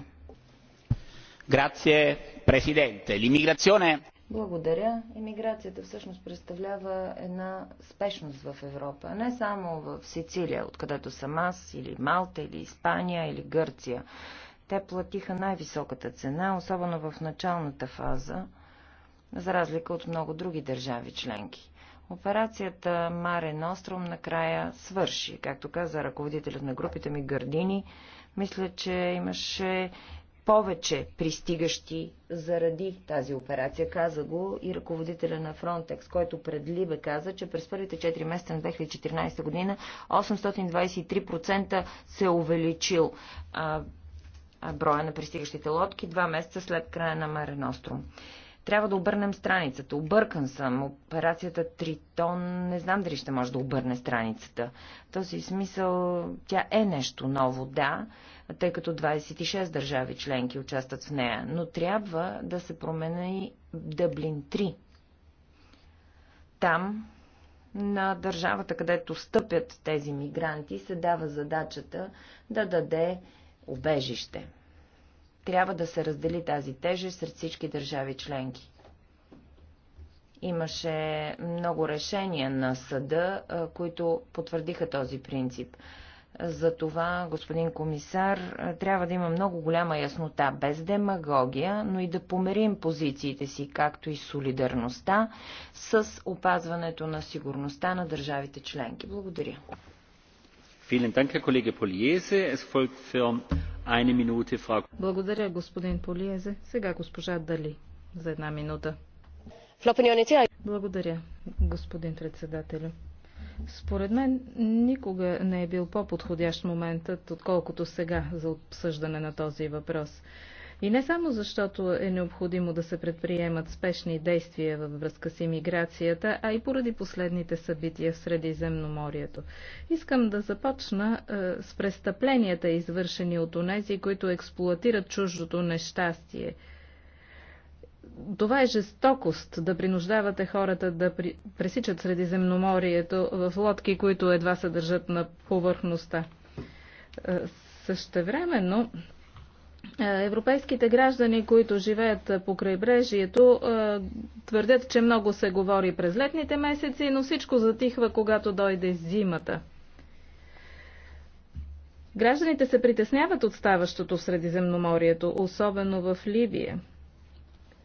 Грация, президенте. L'immigrazione благодаря. Емиграцията всъщност представлява една спешност в Европа. Не само в Сицилия, откъдето съм аз, или Малта, или Испания, или Гърция. Те платиха най-високата цена, особено в началната фаза, за разлика от много други държави членки. Операцията Маре Ностром накрая свърши. Както каза ръководителят на групите ми Гърдини, мисля, че имаше повече пристигащи заради тази операция. Каза го и ръководителя на Фронтекс, който пред Либе каза, че през първите 4 месеца на 2014 година 823% се е увеличил а, а, броя на пристигащите лодки два месеца след края на Маре Трябва да обърнем страницата. Объркан съм. Операцията Тритон не знам дали ще може да обърне страницата. В този смисъл тя е нещо ново, да, тъй като 26 държави членки участват в нея, но трябва да се и Дъблин 3. Там, на държавата, където стъпят тези мигранти, се дава задачата да даде убежище. Трябва да се раздели тази тежест сред всички държави членки имаше много решения на съда, които потвърдиха този принцип. За това, господин комисар, трябва да има много голяма яснота, без демагогия, но и да померим позициите си, както и солидарността с опазването на сигурността на държавите членки. Благодаря. Благодаря, господин Полиезе. Сега госпожа Дали за една минута. Благодаря, господин председателю. Според мен никога не е бил по-подходящ моментът, отколкото сега за обсъждане на този въпрос. И не само защото е необходимо да се предприемат спешни действия във връзка с имиграцията, а и поради последните събития в Средиземноморието. Искам да започна е, с престъпленията, извършени от онези, които експлуатират чуждото нещастие – това е жестокост да принуждавате хората да при... пресичат Средиземноморието в лодки, които едва се държат на повърхността. Е, същевременно, е, Европейските граждани, които живеят по крайбрежието, е, твърдят, че много се говори през летните месеци, но всичко затихва, когато дойде зимата. Гражданите се притесняват от ставащото в Средиземноморието, особено в Ливия.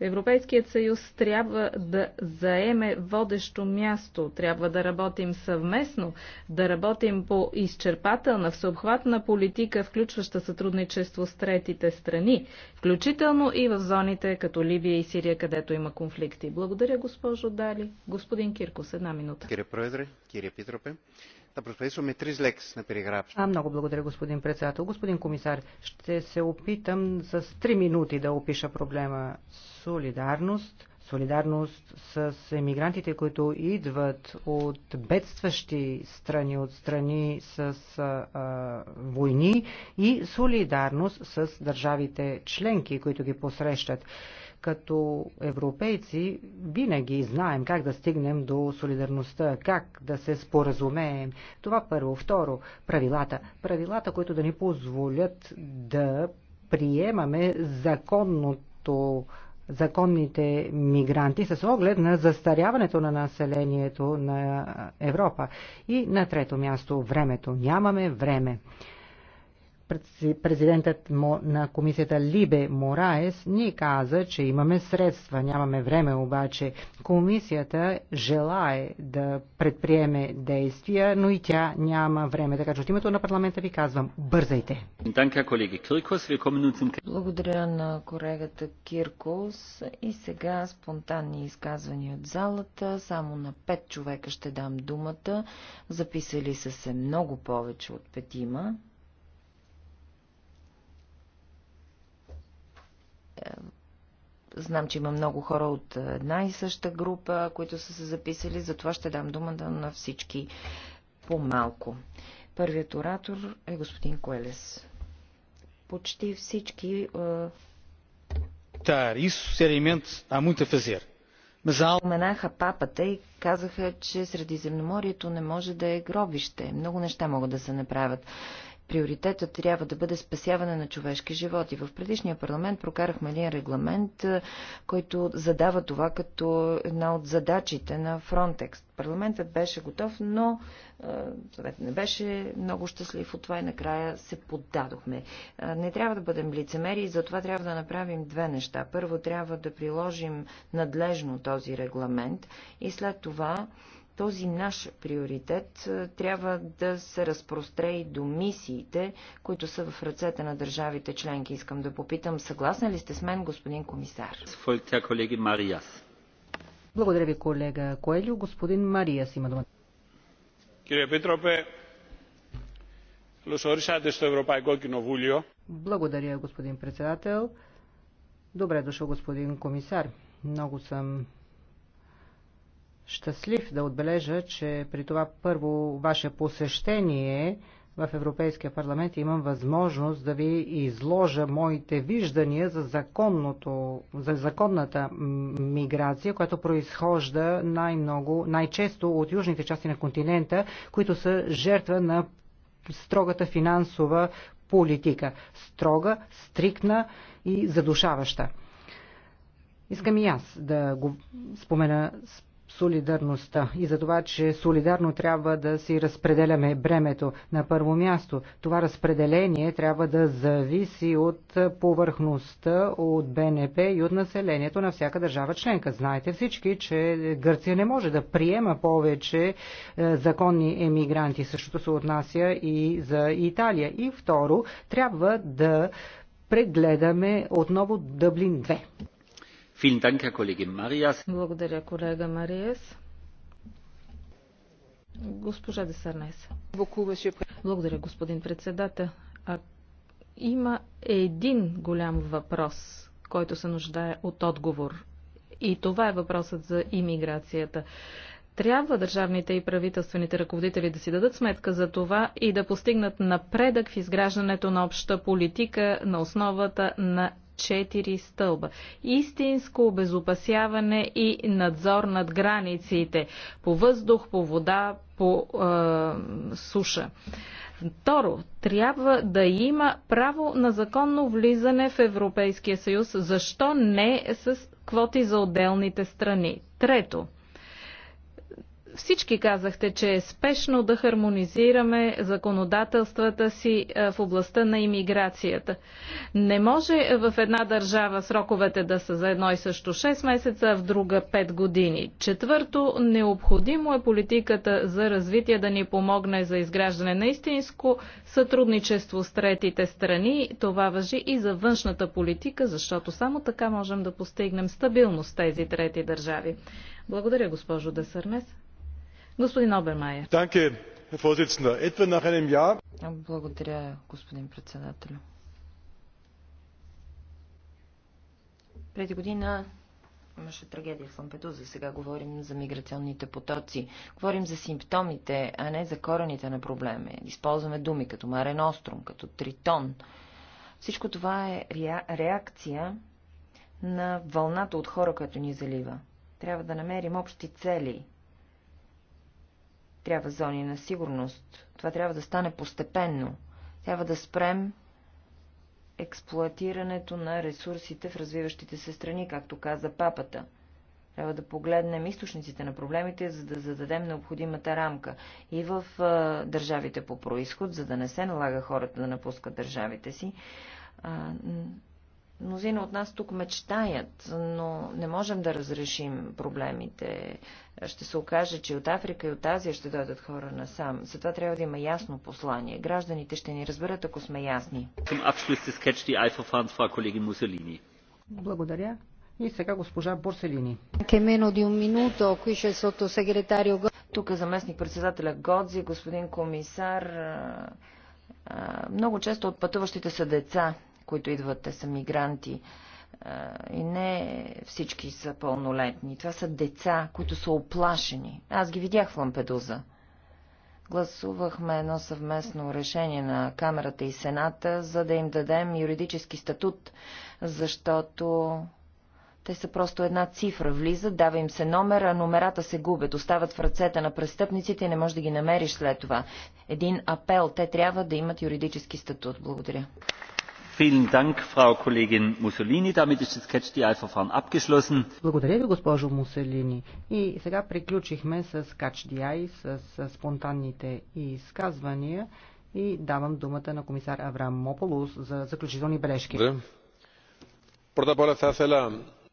Европейският съюз трябва да заеме водещо място, трябва да работим съвместно, да работим по изчерпателна, всеобхватна политика, включваща сътрудничество с третите страни, включително и в зоните като Либия и Сирия, където има конфликти. Благодаря, госпожо Дали. Господин Киркос, една минута. Кире Проедре, Кире Питропе. Θα προσπαθήσω με τρεις λέξεις να περιγράψω. А, много благодаря, господин председател. Господин комисар, ще се опитам с три минути да опиша проблема солидарност, солидарност с емигрантите, които идват от бедстващи страни, от страни с а, а, войни и солидарност с държавите членки, които ги посрещат. Като европейци винаги знаем как да стигнем до солидарността, как да се споразумеем. Това първо. Второ, правилата. Правилата, които да ни позволят да приемаме законното законните мигранти с оглед на застаряването на населението на Европа. И на трето място времето. Нямаме време президентът на комисията Либе Мораес ни каза, че имаме средства, нямаме време обаче. Комисията желае да предприеме действия, но и тя няма време. Така че от името на парламента ви казвам, бързайте. Благодаря на колегата Киркос и сега спонтанни изказвания от залата. Само на пет човека ще дам думата. Записали са се много повече от петима. Е, знам, че има много хора от една и съща група, които са се записали, затова ще дам думата на всички по-малко. Първият оратор е господин Коелес. Почти всички. Е, Та, Исус seriamente há muito a Споменаха папата и казаха, че Средиземноморието не може да е гробище. Много неща могат да се направят приоритетът трябва да бъде спасяване на човешки животи. В предишния парламент прокарахме един регламент, който задава това като една от задачите на Фронтекс. Парламентът беше готов, но съвет не беше много щастлив от това и накрая се поддадохме. Не трябва да бъдем лицемери и затова трябва да направим две неща. Първо трябва да приложим надлежно този регламент и след това този наш приоритет е, трябва да се разпростре и до мисиите, които са в ръцете на държавите членки. Искам да попитам, съгласна ли сте с мен, господин комисар? Своите колеги Мариас. Благодаря ви, колега Коелю. Господин Мариас има думата. Благодаря, господин председател. Добре дошъл, господин комисар. Много съм щастлив да отбележа, че при това първо ваше посещение в Европейския парламент имам възможност да ви изложа моите виждания за, законното, за законната миграция, която произхожда най-много, най-често от южните части на континента, които са жертва на строгата финансова политика. Строга, стрикна и задушаваща. Искам и аз да го спомена с солидарността и за това, че солидарно трябва да си разпределяме бремето. На първо място, това разпределение трябва да зависи от повърхността, от БНП и от населението на всяка държава членка. Знаете всички, че Гърция не може да приема повече е, законни емигранти. Същото се отнася и за Италия. И второ, трябва да прегледаме отново Дъблин 2. Благодаря, колега Мариас. Госпожа Десарнес. Благодаря, господин председател. А, има един голям въпрос, който се нуждае от отговор. И това е въпросът за имиграцията. Трябва държавните и правителствените ръководители да си дадат сметка за това и да постигнат напредък в изграждането на обща политика на основата на четири стълба. Истинско обезопасяване и надзор над границите по въздух, по вода, по е, суша. Второ, трябва да има право на законно влизане в Европейския съюз. Защо не с квоти за отделните страни? Трето, всички казахте, че е спешно да хармонизираме законодателствата си е, в областта на имиграцията. Не може в една държава сроковете да са за едно и също 6 месеца, а в друга 5 години. Четвърто, необходимо е политиката за развитие да ни помогне за изграждане на истинско сътрудничество с третите страни. Това въжи и за външната политика, защото само така можем да постигнем стабилност тези трети държави. Благодаря, госпожо Десърнес. Господин Обермайер. Благодаря, господин председател. Преди година имаше трагедия в Лампедуза. Сега говорим за миграционните потоци. Говорим за симптомите, а не за корените на проблеми. Използваме думи като Марен Остром, като Тритон. Всичко това е реакция на вълната от хора, която ни залива. Трябва да намерим общи цели, трябва зони на сигурност. Това трябва да стане постепенно. Трябва да спрем експлоатирането на ресурсите в развиващите се страни, както каза папата. Трябва да погледнем източниците на проблемите, за да зададем необходимата рамка и в а, държавите по происход, за да не се налага хората да напускат държавите си. А, Мнозина от нас тук мечтаят, но не можем да разрешим проблемите. Ще се окаже, че от Африка и от Азия ще дойдат хора насам. Затова трябва да има ясно послание. Гражданите ще ни разберат, ако сме ясни. Благодаря. И сега госпожа Борселини. Тук е заместник председателя Годзи, господин комисар. Много често от пътуващите са деца които идват, те са мигранти и не всички са пълнолетни. Това са деца, които са оплашени. Аз ги видях в Лампедуза. Гласувахме едно съвместно решение на Камерата и Сената, за да им дадем юридически статут, защото те са просто една цифра. Влизат, дава им се номер, а номерата се губят. Остават в ръцете на престъпниците и не можеш да ги намериш след това. Един апел. Те трябва да имат юридически статут. Благодаря. Благодаря ви, госпожо Муселини. И сега приключихме с Catch the Eye, с спонтанните изказвания и давам думата на комисар Мополус за заключителни бележки.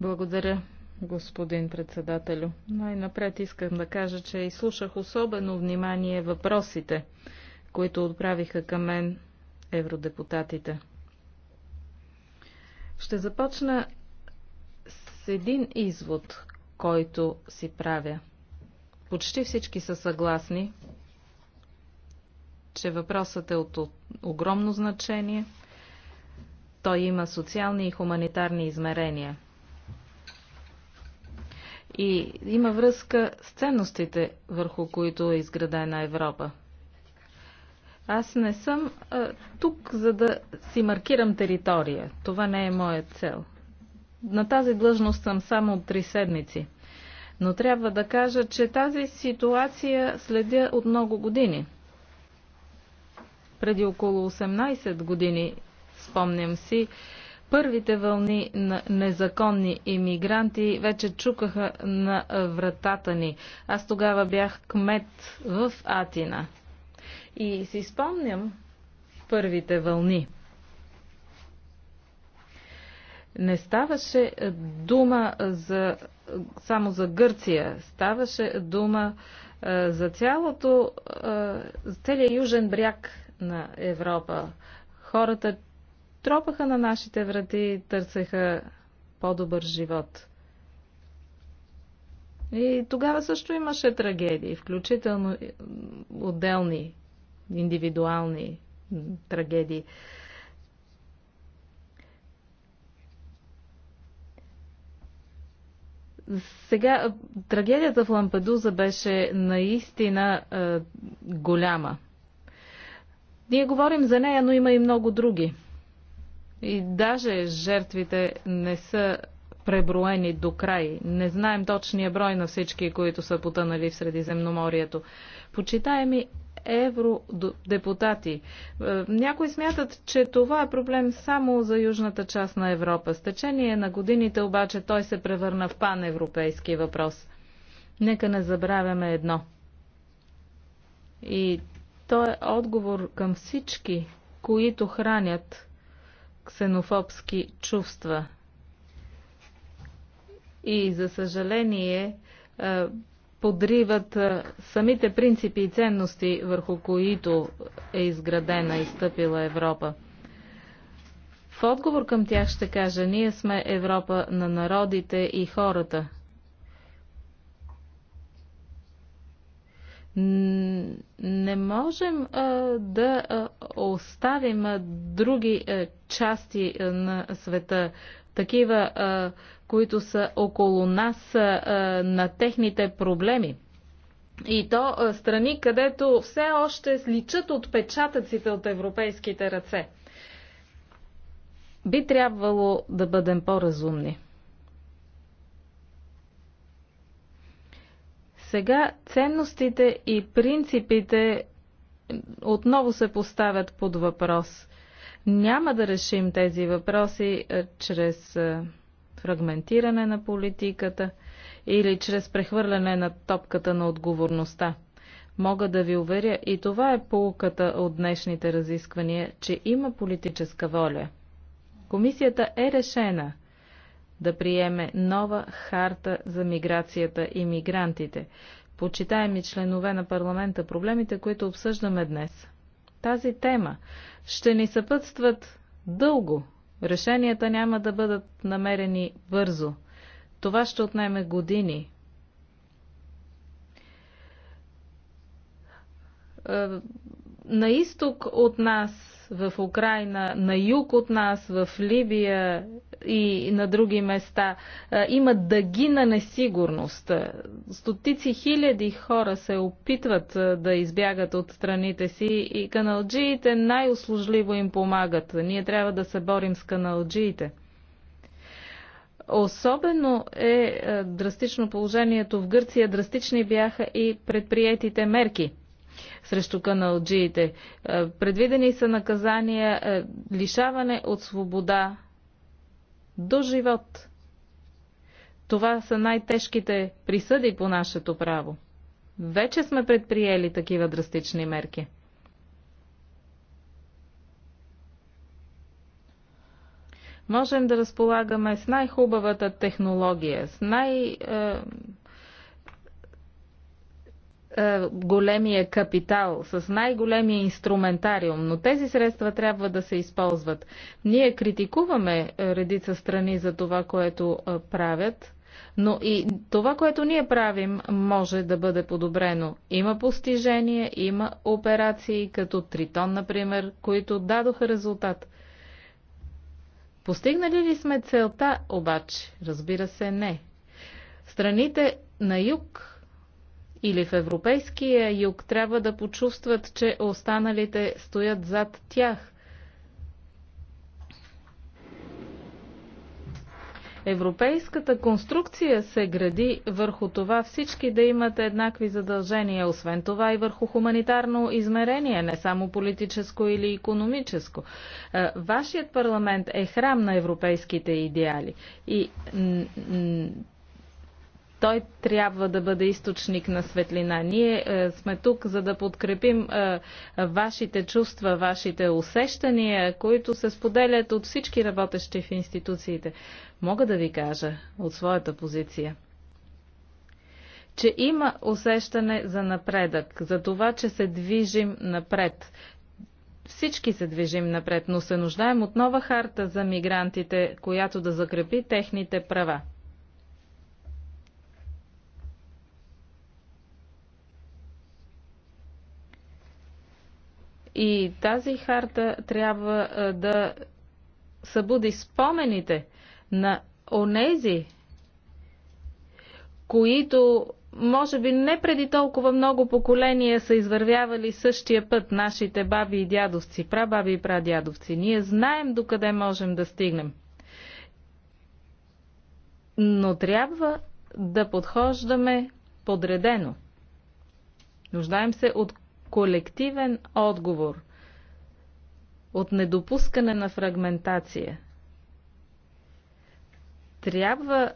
Благодаря, господин председателю. Най-напред искам да кажа, че изслушах особено внимание въпросите, които отправиха към мен евродепутатите. Ще започна с един извод, който си правя. Почти всички са съгласни, че въпросът е от огромно значение. Той има социални и хуманитарни измерения. И има връзка с ценностите, върху които е изградена Европа. Аз не съм а, тук, за да си маркирам територия. Това не е моя цел. На тази длъжност съм само от три седмици. Но трябва да кажа, че тази ситуация следя от много години. Преди около 18 години, спомням си, първите вълни на незаконни иммигранти вече чукаха на вратата ни. Аз тогава бях кмет в Атина. И си спомням първите вълни. Не ставаше дума за, само за Гърция, ставаше дума е, за цялото, е, за целият южен бряг на Европа. Хората тропаха на нашите врати, търсеха по-добър живот. И тогава също имаше трагедии, включително отделни индивидуални трагедии. Сега, трагедията в Лампедуза беше наистина е, голяма. Ние говорим за нея, но има и много други. И даже жертвите не са преброени до край. Не знаем точния брой на всички, които са потънали в Средиземноморието. Почитаеми евродепутати. Е, някои смятат, че това е проблем само за южната част на Европа. С течение на годините обаче той се превърна в паневропейски въпрос. Нека не забравяме едно. И то е отговор към всички, които хранят ксенофобски чувства. И за съжаление, е, подриват самите принципи и ценности, върху които е изградена и стъпила Европа. В отговор към тях ще кажа, ние сме Европа на народите и хората. Не можем а, да а, оставим а, други а, части а, на света такива а, които са около нас, на техните проблеми. И то страни, където все още сличат отпечатъците от европейските ръце. Би трябвало да бъдем по-разумни. Сега ценностите и принципите отново се поставят под въпрос. Няма да решим тези въпроси чрез фрагментиране на политиката или чрез прехвърляне на топката на отговорността. Мога да ви уверя, и това е полуката от днешните разисквания, че има политическа воля. Комисията е решена да приеме нова харта за миграцията и мигрантите. Почитаеми членове на парламента, проблемите, които обсъждаме днес, тази тема ще ни съпътстват дълго Решенията няма да бъдат намерени бързо. Това ще отнеме години. Е, на изток от нас в Украина, на юг от нас, в Либия и на други места, има дъги на несигурност. Стотици хиляди хора се опитват да избягат от страните си и каналджиите най-услужливо им помагат. Ние трябва да се борим с каналджиите. Особено е драстично положението в Гърция. Драстични бяха и предприетите мерки – срещу каналджиите. Е, предвидени са наказания е, лишаване от свобода до живот. Това са най-тежките присъди по нашето право. Вече сме предприели такива драстични мерки. Можем да разполагаме с най-хубавата технология, с най- е, най-големия е, капитал, с най-големия инструментариум, но тези средства трябва да се използват. Ние критикуваме е, редица страни за това, което е, правят, но и това, което ние правим, може да бъде подобрено. Има постижения, има операции, като Тритон, например, които дадоха резултат. Постигнали ли сме целта, обаче? Разбира се, не. Страните на юг или в европейския юг трябва да почувстват, че останалите стоят зад тях. Европейската конструкция се гради върху това всички да имат еднакви задължения, освен това и върху хуманитарно измерение, не само политическо или економическо. Е, вашият парламент е храм на европейските идеали и той трябва да бъде източник на светлина. Ние е, сме тук, за да подкрепим е, вашите чувства, вашите усещания, които се споделят от всички работещи в институциите. Мога да ви кажа от своята позиция че има усещане за напредък, за това, че се движим напред. Всички се движим напред, но се нуждаем от нова харта за мигрантите, която да закрепи техните права. И тази харта трябва да събуди спомените на онези, които може би не преди толкова много поколения са извървявали същия път нашите баби и дядовци, прабаби и прадядовци. Ние знаем докъде можем да стигнем. Но трябва да подхождаме подредено. Нуждаем се от колективен отговор от недопускане на фрагментация. Трябва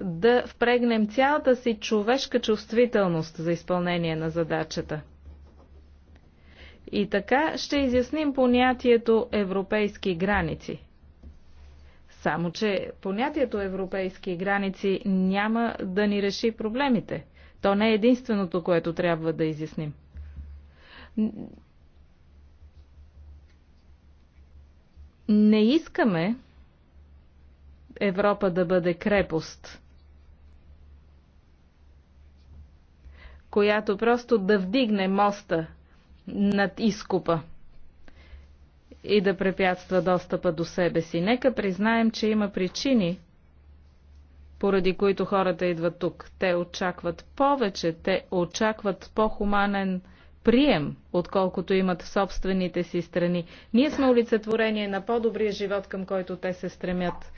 да впрегнем цялата си човешка чувствителност за изпълнение на задачата. И така ще изясним понятието европейски граници. Само, че понятието европейски граници няма да ни реши проблемите. То не е единственото, което трябва да изясним. Не искаме Европа да бъде крепост, която просто да вдигне моста над изкупа и да препятства достъпа до себе си. Нека признаем, че има причини, поради които хората идват тук. Те очакват повече, те очакват по-хуманен прием, отколкото имат в собствените си страни. Ние сме олицетворение на по-добрия живот, към който те се стремят.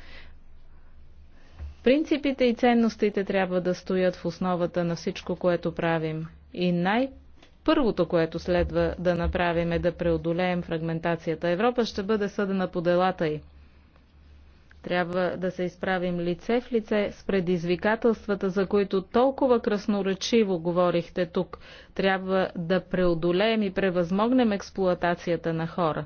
Принципите и ценностите трябва да стоят в основата на всичко, което правим. И най- Първото, което следва да направим е да преодолеем фрагментацията. Европа ще бъде съдена по делата й. Трябва да се изправим лице в лице с предизвикателствата, за които толкова красноречиво говорихте тук. Трябва да преодолеем и превъзмогнем експлоатацията на хора.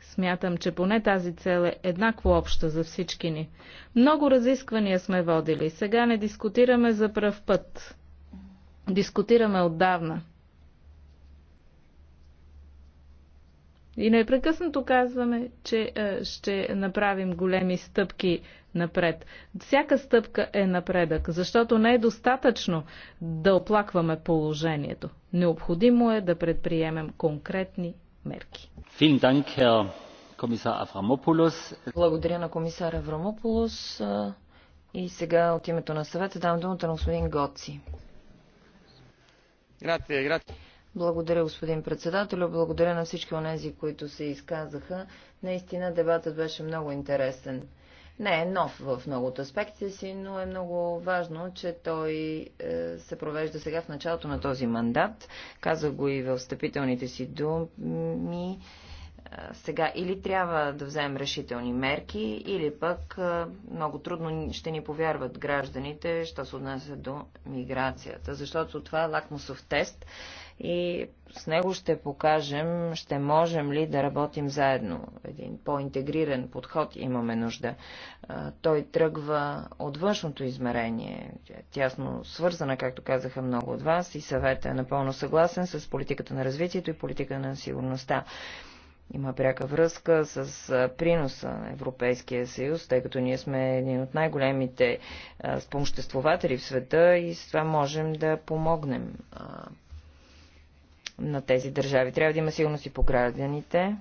Смятам, че поне тази цел е еднакво обща за всички ни. Много разисквания сме водили. Сега не дискутираме за пръв път. Дискутираме отдавна. И непрекъснато казваме, че е, ще направим големи стъпки напред. Всяка стъпка е напредък, защото не е достатъчно да оплакваме положението. Необходимо е да предприемем конкретни мерки. Благодаря на комисар Аврамополос. И сега от името на съвета давам думата на господин Гоци. Grazie, grazie. Благодаря, господин председател, Благодаря на всички онези, които се изказаха. Наистина дебатът беше много интересен. Не е нов в много от аспекти си, но е много важно, че той е, се провежда сега в началото на този мандат. Каза го и в встъпителните си думи. Е, сега или трябва да вземем решителни мерки, или пък е, много трудно ще ни повярват гражданите, що се отнася до миграцията, защото това е лакмусов тест и с него ще покажем, ще можем ли да работим заедно. Един по-интегриран подход имаме нужда. Той тръгва от външното измерение, е тясно свързана, както казаха много от вас, и съвета е напълно съгласен с политиката на развитието и политика на сигурността има пряка връзка с приноса на Европейския съюз, тъй като ние сме един от най-големите спомоществователи в света и с това можем да помогнем на тези държави. Трябва да има сигурност и по гражданите.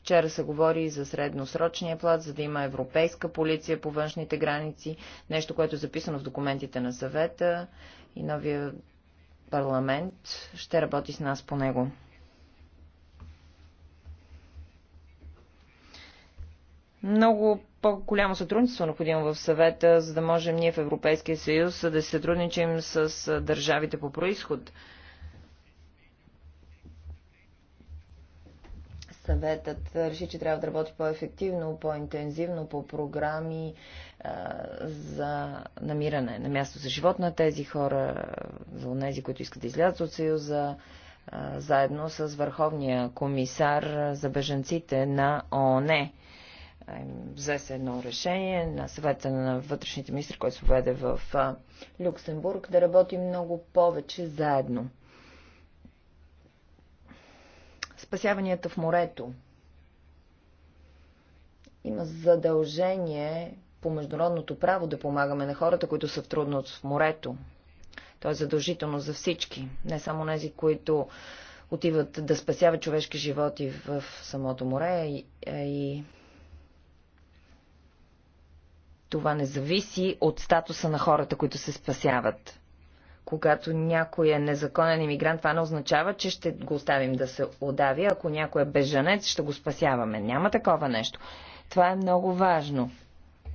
Вчера се говори и за средносрочния плат, за да има европейска полиция по външните граници, нещо, което е записано в документите на съвета и новия парламент ще работи с нас по него. много по-голямо сътрудничество е необходимо в съвета, за да можем ние в Европейския съюз да се сътрудничим с държавите по происход. Съветът реши, че трябва да работи по-ефективно, по-интензивно по програми а, за намиране на място за живот на тези хора, за тези, които искат да излязат от Съюза заедно с Върховния комисар за беженците на ООН взе се едно решение на съвета на вътрешните министри, който се поведе в Люксембург, да работим много повече заедно. Спасяванията в морето. Има задължение по международното право да помагаме на хората, които са в трудност в морето. То е задължително за всички, не само тези, които отиват да спасяват човешки животи в самото море и, и това не зависи от статуса на хората, които се спасяват. Когато някой е незаконен иммигрант, това не означава, че ще го оставим да се удави. Ако някой е бежанец, ще го спасяваме. Няма такова нещо. Това е много важно.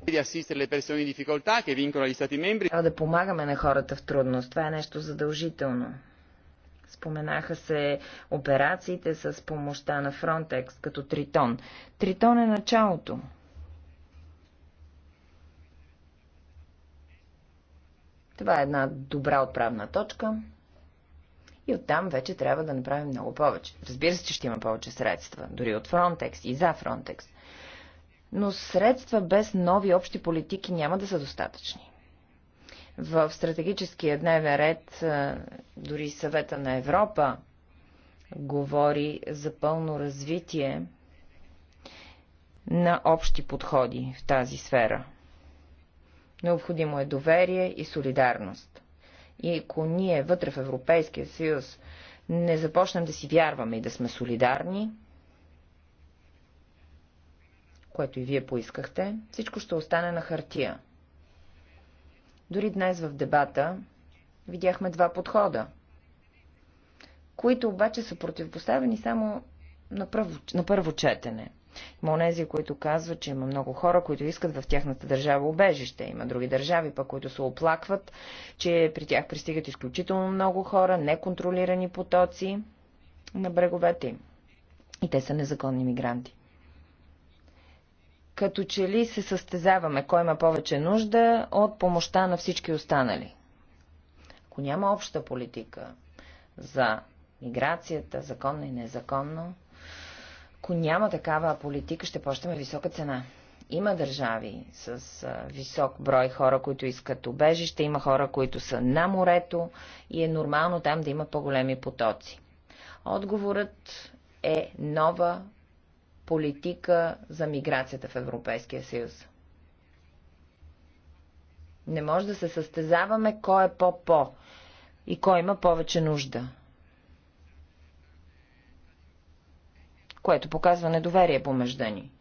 Трябва да помагаме на хората в трудност. Това е нещо задължително. Споменаха се операциите с помощта на Фронтекс като Тритон. Тритон е началото. Това е една добра отправна точка. И оттам вече трябва да направим много повече. Разбира се, че ще има повече средства, дори от Frontex и за Frontex. Но средства без нови общи политики няма да са достатъчни. В стратегическия дневен ред, дори съвета на Европа говори за пълно развитие на общи подходи в тази сфера. Необходимо е доверие и солидарност. И ако ние вътре в Европейския съюз не започнем да си вярваме и да сме солидарни, което и вие поискахте, всичко ще остане на хартия. Дори днес в дебата видяхме два подхода, които обаче са противопоставени само на първо, на първо четене – има онези, които казват, че има много хора, които искат в тяхната държава убежище. Има други държави, пък, които се оплакват, че при тях пристигат изключително много хора, неконтролирани потоци на бреговете им. И те са незаконни мигранти като че ли се състезаваме, кой има повече нужда от помощта на всички останали. Ако няма обща политика за миграцията, законно и незаконно, ако няма такава политика, ще плащаме висока цена. Има държави с висок брой хора, които искат убежище, има хора, които са на морето и е нормално там да има по-големи потоци. Отговорът е нова политика за миграцията в Европейския съюз. Не може да се състезаваме кой е по-по и кой има повече нужда. което показва недоверие помежда ни.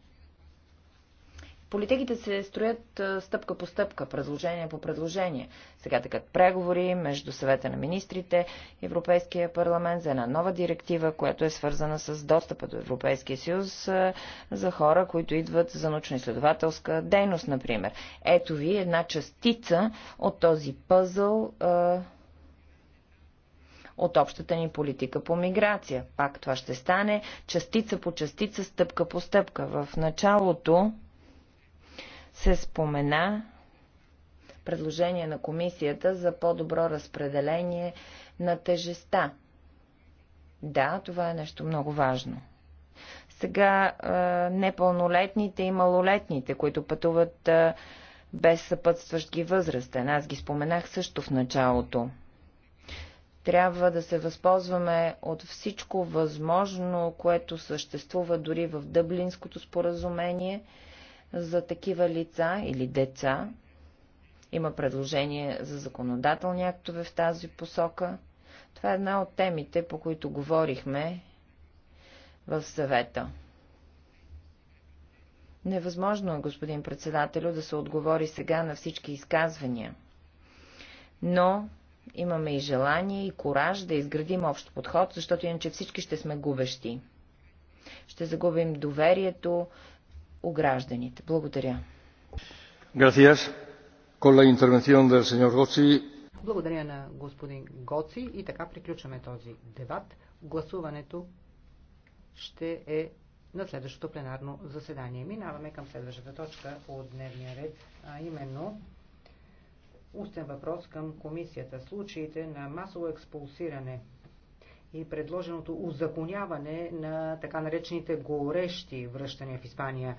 Политиките се строят стъпка по стъпка, предложение по предложение. Сега така преговори между съвета на министрите Европейския парламент за една нова директива, която е свързана с достъпа до Европейския съюз за хора, които идват за научно-изследователска дейност, например. Ето ви една частица от този пъзъл от общата ни политика по миграция. Пак това ще стане частица по частица, стъпка по стъпка. В началото се спомена предложение на комисията за по-добро разпределение на тежеста. Да, това е нещо много важно. Сега е, непълнолетните и малолетните, които пътуват е, без съпътстващ ги възрастен. Аз ги споменах също в началото. Трябва да се възползваме от всичко възможно, което съществува дори в Дъблинското споразумение за такива лица или деца. Има предложение за законодателни актове в тази посока. Това е една от темите, по които говорихме в съвета. Невъзможно е, господин председателю, да се отговори сега на всички изказвания. Но имаме и желание, и кораж да изградим общ подход, защото иначе всички ще сме губещи. Ще загубим доверието у гражданите. Благодаря. Благодаря на господин Гоци и така приключваме този дебат. Гласуването ще е на следващото пленарно заседание. Минаваме към следващата точка от дневния ред, а именно устен въпрос към комисията. Случаите на масово експулсиране и предложеното узаконяване на така наречените горещи връщания в Испания